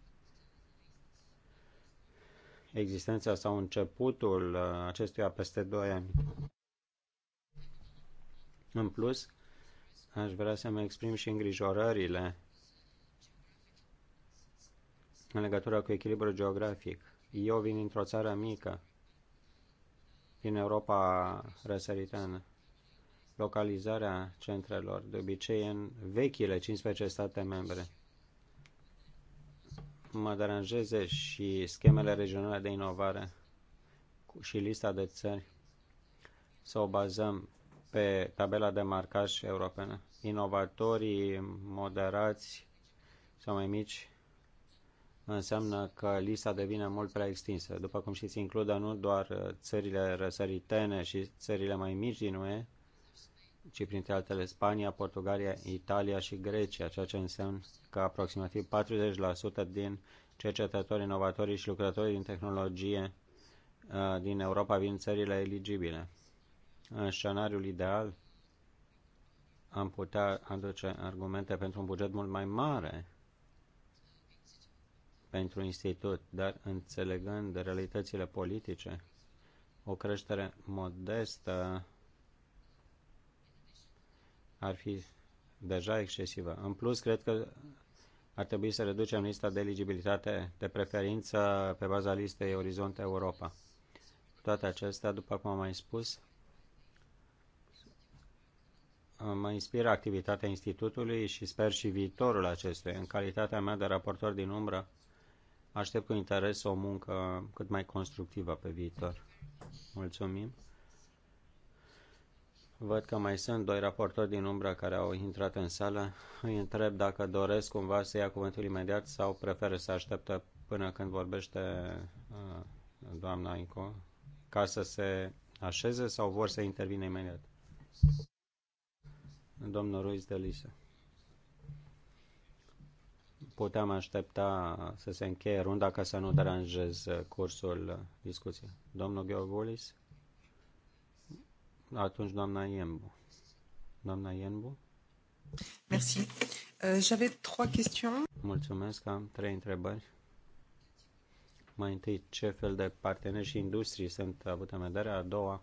existența sau începutul uh, acestuia peste 2 ani. În plus, aș vrea să-mi exprim și îngrijorările în legătură cu echilibrul geografic. Eu vin dintr-o țară mică, din Europa răsăritană. Localizarea centrelor de obicei în vechile 15 state membre. Mă deranjeze și schemele regionale de inovare și lista de țări să o bazăm pe tabela de marcaj europeană. Inovatorii moderați sau mai mici înseamnă că lista devine mult prea extinsă. După cum știți, includă nu doar uh, țările răsăritene și țările mai mici din UE, ci printre altele Spania, Portugalia, Italia și Grecia, ceea ce înseamnă că aproximativ 40% din cercetătorii, inovatorii și lucrătorii din tehnologie uh, din Europa vin țările eligibile. În scenariul ideal am putea aduce argumente pentru un buget mult mai mare pentru institut, dar înțelegând realitățile politice, o creștere modestă ar fi deja excesivă. În plus, cred că ar trebui să reducem lista de eligibilitate de preferință pe baza listei Orizont Europa. Toate acestea, după cum am mai spus, mă inspiră activitatea Institutului și sper și viitorul acestuia. În calitatea mea de raportor din umbră, Aștept cu interes o muncă cât mai constructivă pe viitor. Mulțumim. Văd că mai sunt doi raportori din umbră care au intrat în sală. Îi întreb dacă doresc cumva să ia cuvântul imediat sau preferă să aștepte până când vorbește uh, doamna Inco ca să se așeze sau vor să intervină imediat. Domnul Ruiz de Lisa putem aștepta să se încheie runda ca să nu deranjez cursul discuției. Domnul Gheorghulis? Atunci doamna Iembu. Doamna Iembu? Merci. Euh, j'avais trois questions. Mulțumesc, am trei întrebări. Mai întâi, ce fel de parteneri și industrii sunt avute în vedere? A doua,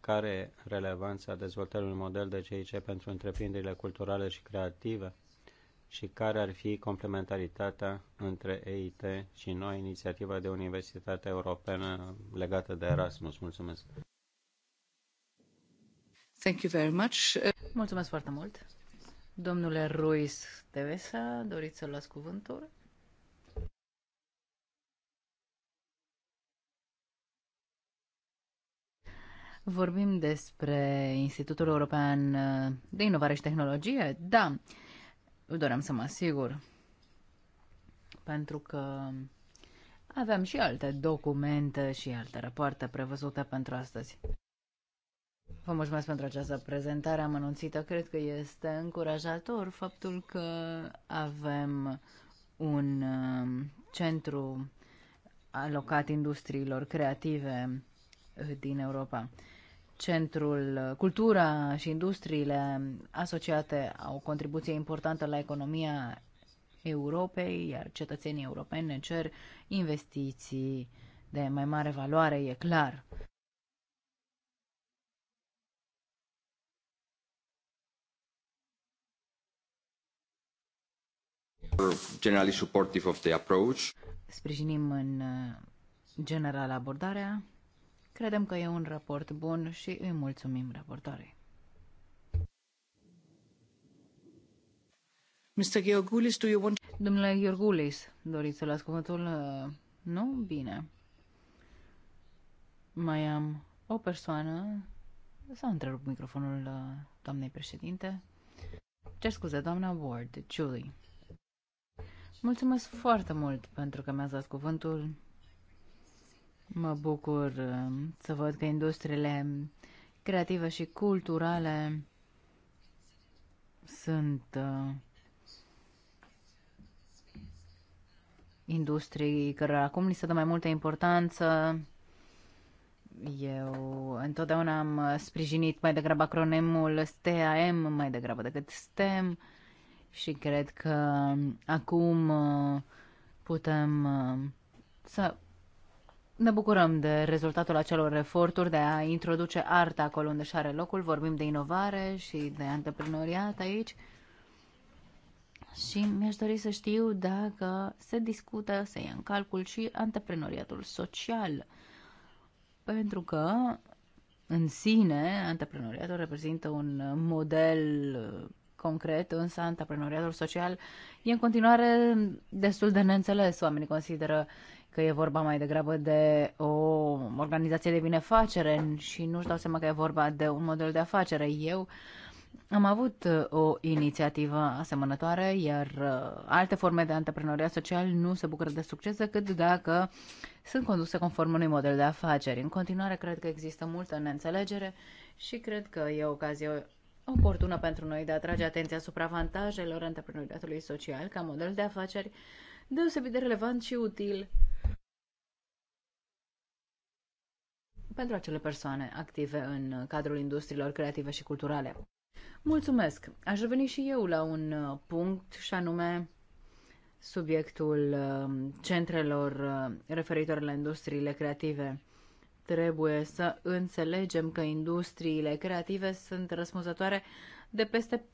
care relevanța dezvoltării unui model de CIC pentru întreprinderile culturale și creative? și care ar fi complementaritatea între EIT și noua inițiativă de Universitate Europeană legată de Erasmus. Mulțumesc! Thank you very much. Mulțumesc foarte mult! Domnule Ruiz Tevesa, doriți să luați cuvântul? Vorbim despre Institutul European de Inovare și Tehnologie. Da, uh, doream să mă asigur. Pentru că aveam și alte documente și alte rapoarte prevăzute pentru astăzi. Vă mulțumesc pentru această prezentare amănunțită. Cred că este încurajator faptul că avem un um, centru alocat industriilor creative uh, din Europa. Centrul Cultura și industriile asociate au o contribuție importantă la economia Europei, iar cetățenii europeni ne cer investiții de mai mare valoare, e clar. Generally supportive of the approach. Sprijinim în general abordarea. Credem că e un raport bun și îi mulțumim raportoarei. Mr. Georgulis, do you want... Domnule Georgulis, doriți să las cuvântul? Uh, nu? Bine. Mai am o persoană. S-a întrerupt microfonul uh, doamnei președinte. Ce scuze, doamna Ward, Julie. Mulțumesc foarte mult pentru că mi-ați dat cuvântul. Mă bucur uh, să văd că industriile creative și culturale sunt uh, industrii care acum li se dă mai multă importanță. Eu întotdeauna am uh, sprijinit mai degrabă acronimul STAM mai degrabă decât STEM și cred că acum putem să ne bucurăm de rezultatul acelor eforturi de a introduce arta acolo unde și are locul. Vorbim de inovare și de antreprenoriat aici. Și mi-aș dori să știu dacă se discută, se ia în calcul și antreprenoriatul social. Pentru că, în sine, antreprenoriatul reprezintă un model concret, însă antreprenoriatul social e în continuare destul de neînțeles. Oamenii consideră că e vorba mai degrabă de o organizație de binefacere și nu-și dau seama că e vorba de un model de afacere. Eu am avut uh, o inițiativă asemănătoare, iar uh, alte forme de antreprenoriat social nu se bucură de succes decât dacă sunt conduse conform unui model de afaceri. În continuare, cred că există multă neînțelegere și cred că e o ocazie oportună pentru noi de a atrage atenția asupra avantajelor antreprenoriatului social ca model de afaceri deosebit de relevant și util pentru acele persoane active în cadrul industriilor creative și culturale. Mulțumesc! Aș reveni și eu la un uh, punct și anume subiectul uh, centrelor uh, referitoare la industriile creative. Trebuie să înțelegem că industriile creative sunt răspunzătoare de peste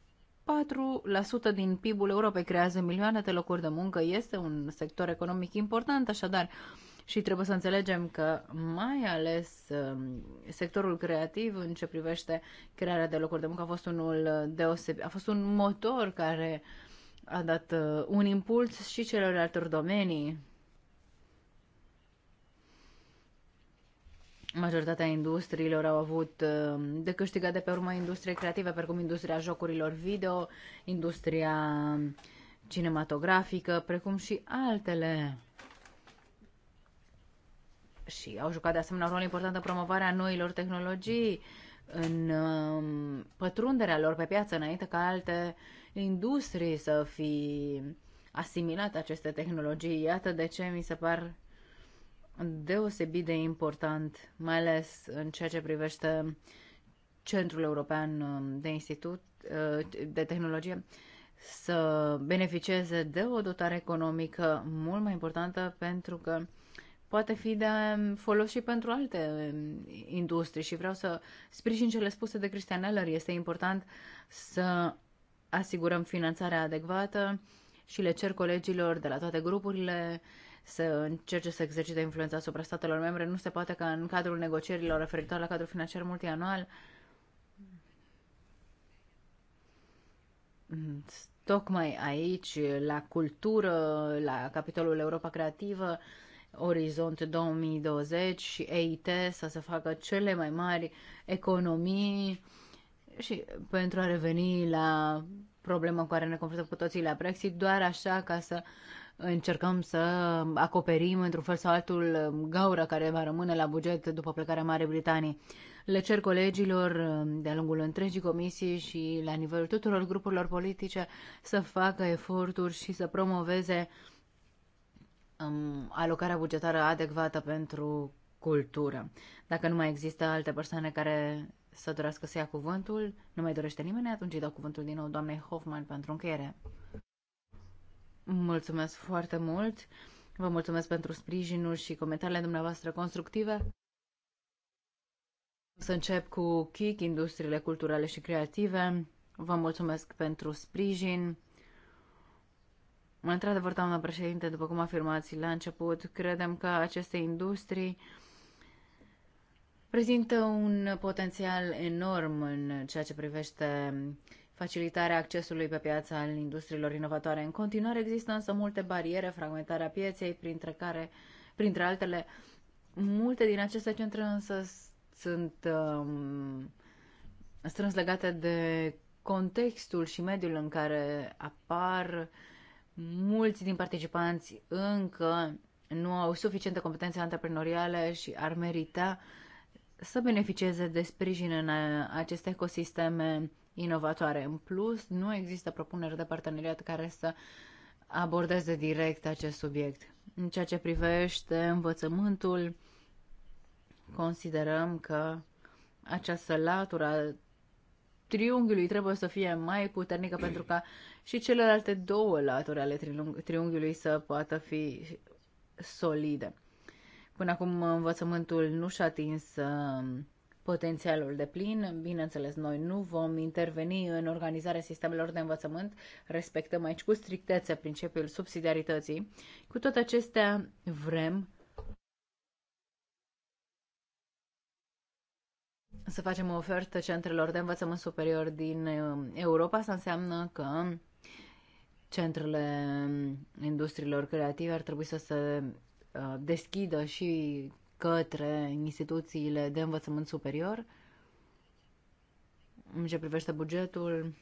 4% din PIB-ul Europei, creează milioane de locuri de muncă, este un sector economic important, așadar și trebuie să înțelegem că mai ales um, sectorul creativ în ce privește crearea de locuri de muncă a fost unul deosebit, a fost un motor care a dat uh, un impuls și celorlalte domenii. Majoritatea industriilor au avut um, de câștigat de pe urma industriei creative, precum industria jocurilor video, industria cinematografică, precum și altele și au jucat de asemenea un rol important în promovarea noilor tehnologii, în um, pătrunderea lor pe piață înainte ca alte industrii să fi asimilat aceste tehnologii. Iată de ce mi se par deosebit de important, mai ales în ceea ce privește Centrul European um, de Institut uh, de Tehnologie, să beneficieze de o dotare economică mult mai importantă pentru că poate fi de um, folos și pentru alte um, industrii și vreau să sprijin cele spuse de Cristian Eller. Este important să asigurăm finanțarea adecvată și le cer colegilor de la toate grupurile să încerce să exercite influența asupra statelor membre. Nu se poate ca în cadrul negocierilor referitor la cadrul financiar multianual tocmai aici, la cultură, la capitolul Europa Creativă, Orizont 2020 și EIT să se facă cele mai mari economii și pentru a reveni la problema cu care ne confruntăm cu toții la Brexit, doar așa ca să încercăm să acoperim într-un fel sau altul gaura care va rămâne la buget după plecarea Marii Britanii. Le cer colegilor de-a lungul întregii comisii și la nivelul tuturor grupurilor politice să facă eforturi și să promoveze uh, um, alocarea bugetară adecvată pentru cultură. Dacă nu mai există alte persoane care să dorească să ia cuvântul, nu mai dorește nimeni, atunci îi dau cuvântul din nou doamnei Hoffman pentru încheiere. Mulțumesc foarte mult! Vă mulțumesc pentru sprijinul și comentariile dumneavoastră constructive. Să încep cu KIC, Industriile Culturale și Creative. Vă mulțumesc pentru sprijin. Într-adevăr, doamna președinte, după cum afirmați la început, credem că aceste industrii prezintă un potențial enorm în ceea ce privește facilitarea accesului pe piața al industriilor inovatoare. În continuare există însă multe bariere, fragmentarea pieței, printre care, printre altele, multe din aceste centre însă sunt um, strâns legate de contextul și mediul în care apar uh, mulți din participanți încă nu au suficiente competențe antreprenoriale și ar merita să beneficieze de sprijin în uh, aceste ecosisteme inovatoare. În plus, nu există propuneri de parteneriat care să abordeze direct acest subiect. În ceea ce privește învățământul, considerăm că această latură triunghiului trebuie să fie mai puternică pentru ca și celelalte două laturi ale triunghiului să poată fi solide. Până acum învățământul nu și-a atins um, potențialul de plin. Bineînțeles, noi nu vom interveni în organizarea sistemelor de învățământ, respectăm aici cu strictețe principiul subsidiarității. Cu toate acestea, vrem să facem o ofertă centrelor de învățământ superior din uh, Europa. Asta înseamnă că centrele um, industriilor creative ar trebui să se uh, deschidă și către instituțiile de învățământ superior. În ce privește bugetul,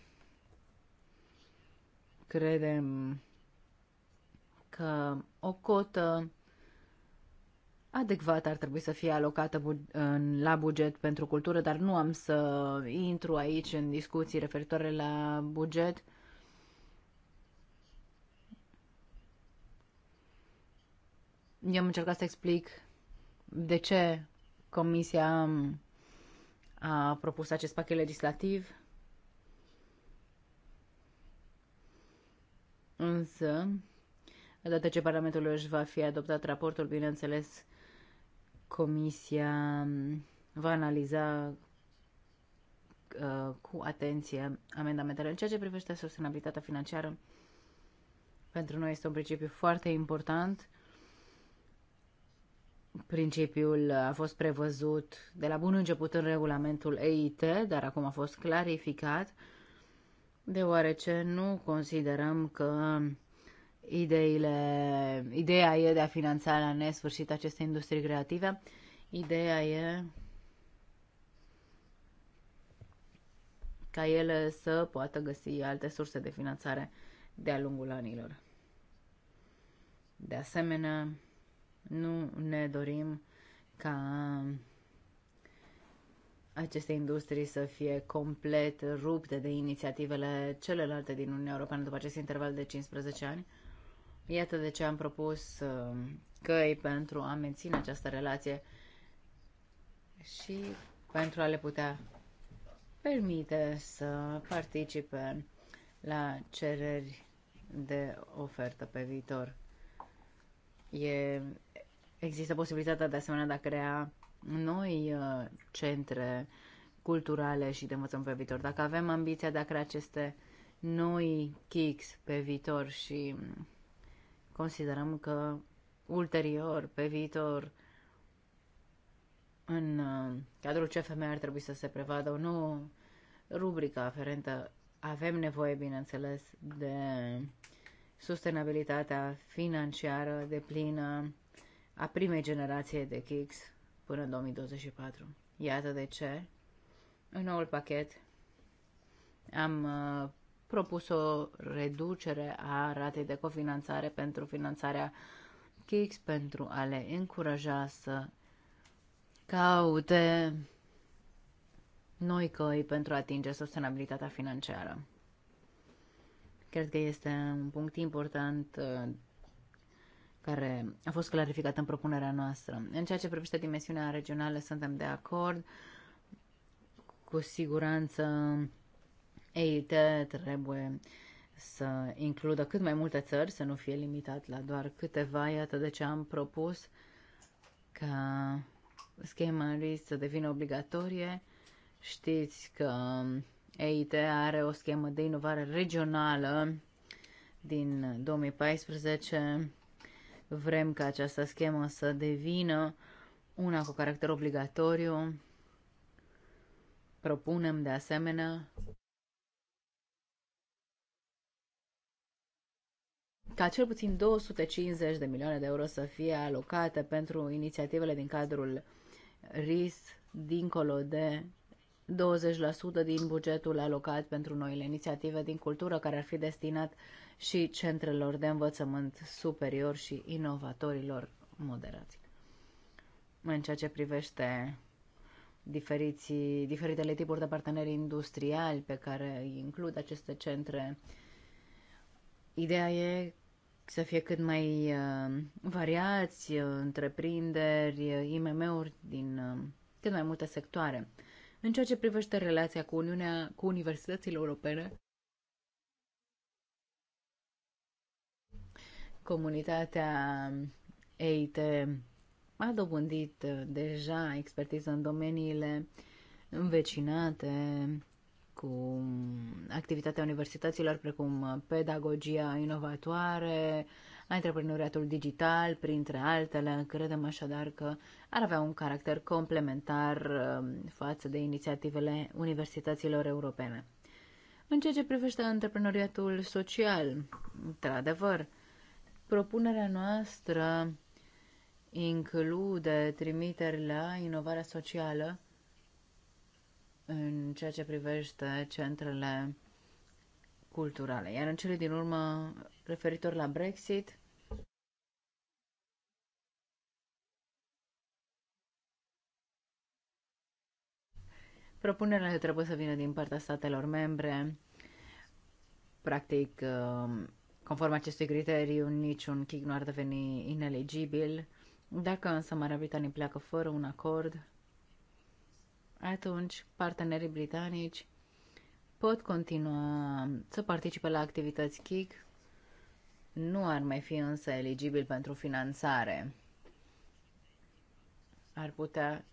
credem că o cotă Adecvat ar trebui să fie alocată bu- în, la buget pentru cultură, dar nu am să intru aici în discuții referitoare la buget. Eu am încercat să explic de ce Comisia a propus acest pachet legislativ. Însă, odată ce Parlamentul își va fi adoptat raportul, bineînțeles, Comisia va analiza uh, cu atenție amendamentele. În ceea ce privește sustenabilitatea financiară, pentru noi este un principiu foarte important. Principiul a fost prevăzut de la bun început în regulamentul EIT, dar acum a fost clarificat, deoarece nu considerăm că ideile, ideea e de a finanța la nesfârșit aceste industrii creative. Ideea e ca ele să poată găsi alte surse de finanțare de-a lungul anilor. De asemenea, nu ne dorim ca aceste industrii să fie complet rupte de inițiativele celelalte din Uniunea Europeană după acest interval de 15 ani. Iată de ce am propus uh, căi pentru a menține această relație și pentru a le putea permite să participe la cereri de ofertă pe viitor. E, există posibilitatea de asemenea de a crea noi uh, centre culturale și de învățăm pe viitor. Dacă avem ambiția de a crea aceste noi kicks pe viitor și Considerăm că ulterior, pe viitor, în uh, cadrul CFM ar trebui să se prevadă o nouă rubrică aferentă. Avem nevoie, bineînțeles, de sustenabilitatea financiară de plină a primei generații de Kicks până în 2024. Iată de ce, în noul pachet, am uh, propus o reducere a ratei de cofinanțare pentru finanțarea KIX pentru a le încuraja să caute noi căi pentru a atinge sustenabilitatea financiară. Cred că este un punct important uh, care a fost clarificat în propunerea noastră. În ceea ce privește dimensiunea regională, suntem de acord. Cu siguranță EIT trebuie să includă cât mai multe țări, să nu fie limitat la doar câteva. Iată de ce am propus ca schema RIS să devină obligatorie. Știți că EIT are o schemă de inovare regională din 2014. Vrem ca această schemă să devină una cu caracter obligatoriu. Propunem de asemenea ca cel puțin 250 de milioane de euro să fie alocate pentru inițiativele din cadrul RIS, dincolo de 20% din bugetul alocat pentru noile inițiative din cultură, care ar fi destinat și centrelor de învățământ superior și inovatorilor moderați. În ceea ce privește diferitele tipuri de parteneri industriali pe care îi includ aceste centre, ideea e să fie cât mai uh, variați, uh, întreprinderi, uh, IMM-uri din cât mai multe sectoare. În ceea ce privește relația cu Uniunea, cu universitățile europene, comunitatea EIT a dobândit deja expertiză în domeniile învecinate, cu activitatea universităților, precum uh, pedagogia inovatoare, antreprenoriatul digital, printre altele. Credem așadar că ar avea un caracter complementar uh, față de inițiativele universităților europene. În ceea ce privește antreprenoriatul social, într-adevăr, propunerea noastră include trimiteri la inovarea socială, în ceea ce privește centrele culturale. Iar în cele din urmă, referitor la Brexit, propunerile trebuie să vină din partea statelor membre. Practic, um, conform acestui criteriu, niciun kick nu ar deveni ineligibil. Dacă însă Marea Britanie pleacă fără un acord, atunci partenerii britanici pot continua să participe la activități KIC, nu ar mai fi însă eligibil pentru finanțare. Ar putea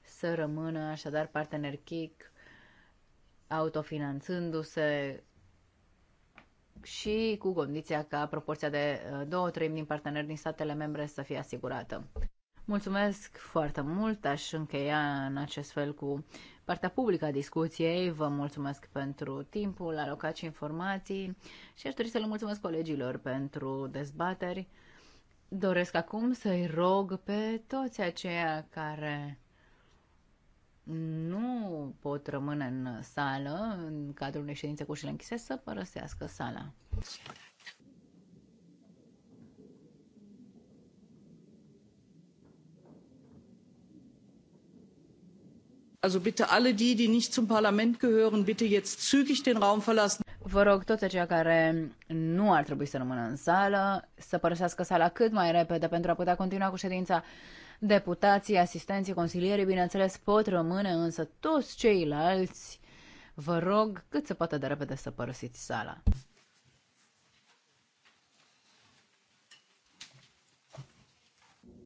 să rămână așadar partener KIC autofinanțându-se și cu condiția ca proporția de uh, două treimi din parteneri din statele membre să fie asigurată. Mulțumesc foarte mult, aș încheia în acest fel cu partea publică a discuției. Vă mulțumesc pentru timpul alocat și informații și aș dori să le mulțumesc colegilor pentru dezbateri. Doresc acum să-i rog pe toți aceia care nu pot rămâne în sală, în cadrul unei ședințe cu ușile închise, să părăsească sala. Also bitte alle die, die nicht zum Parlament gehören, bitte jetzt zügig den Raum verlassen. Vă rog toți cei care nu ar trebui să rămână în sală să părăsească sala cât mai repede pentru a putea continua cu ședința. Deputații, asistenții, consilierii, bineînțeles, pot rămâne, însă toți ceilalți, vă rog cât se poate de repede să părăsiți sala.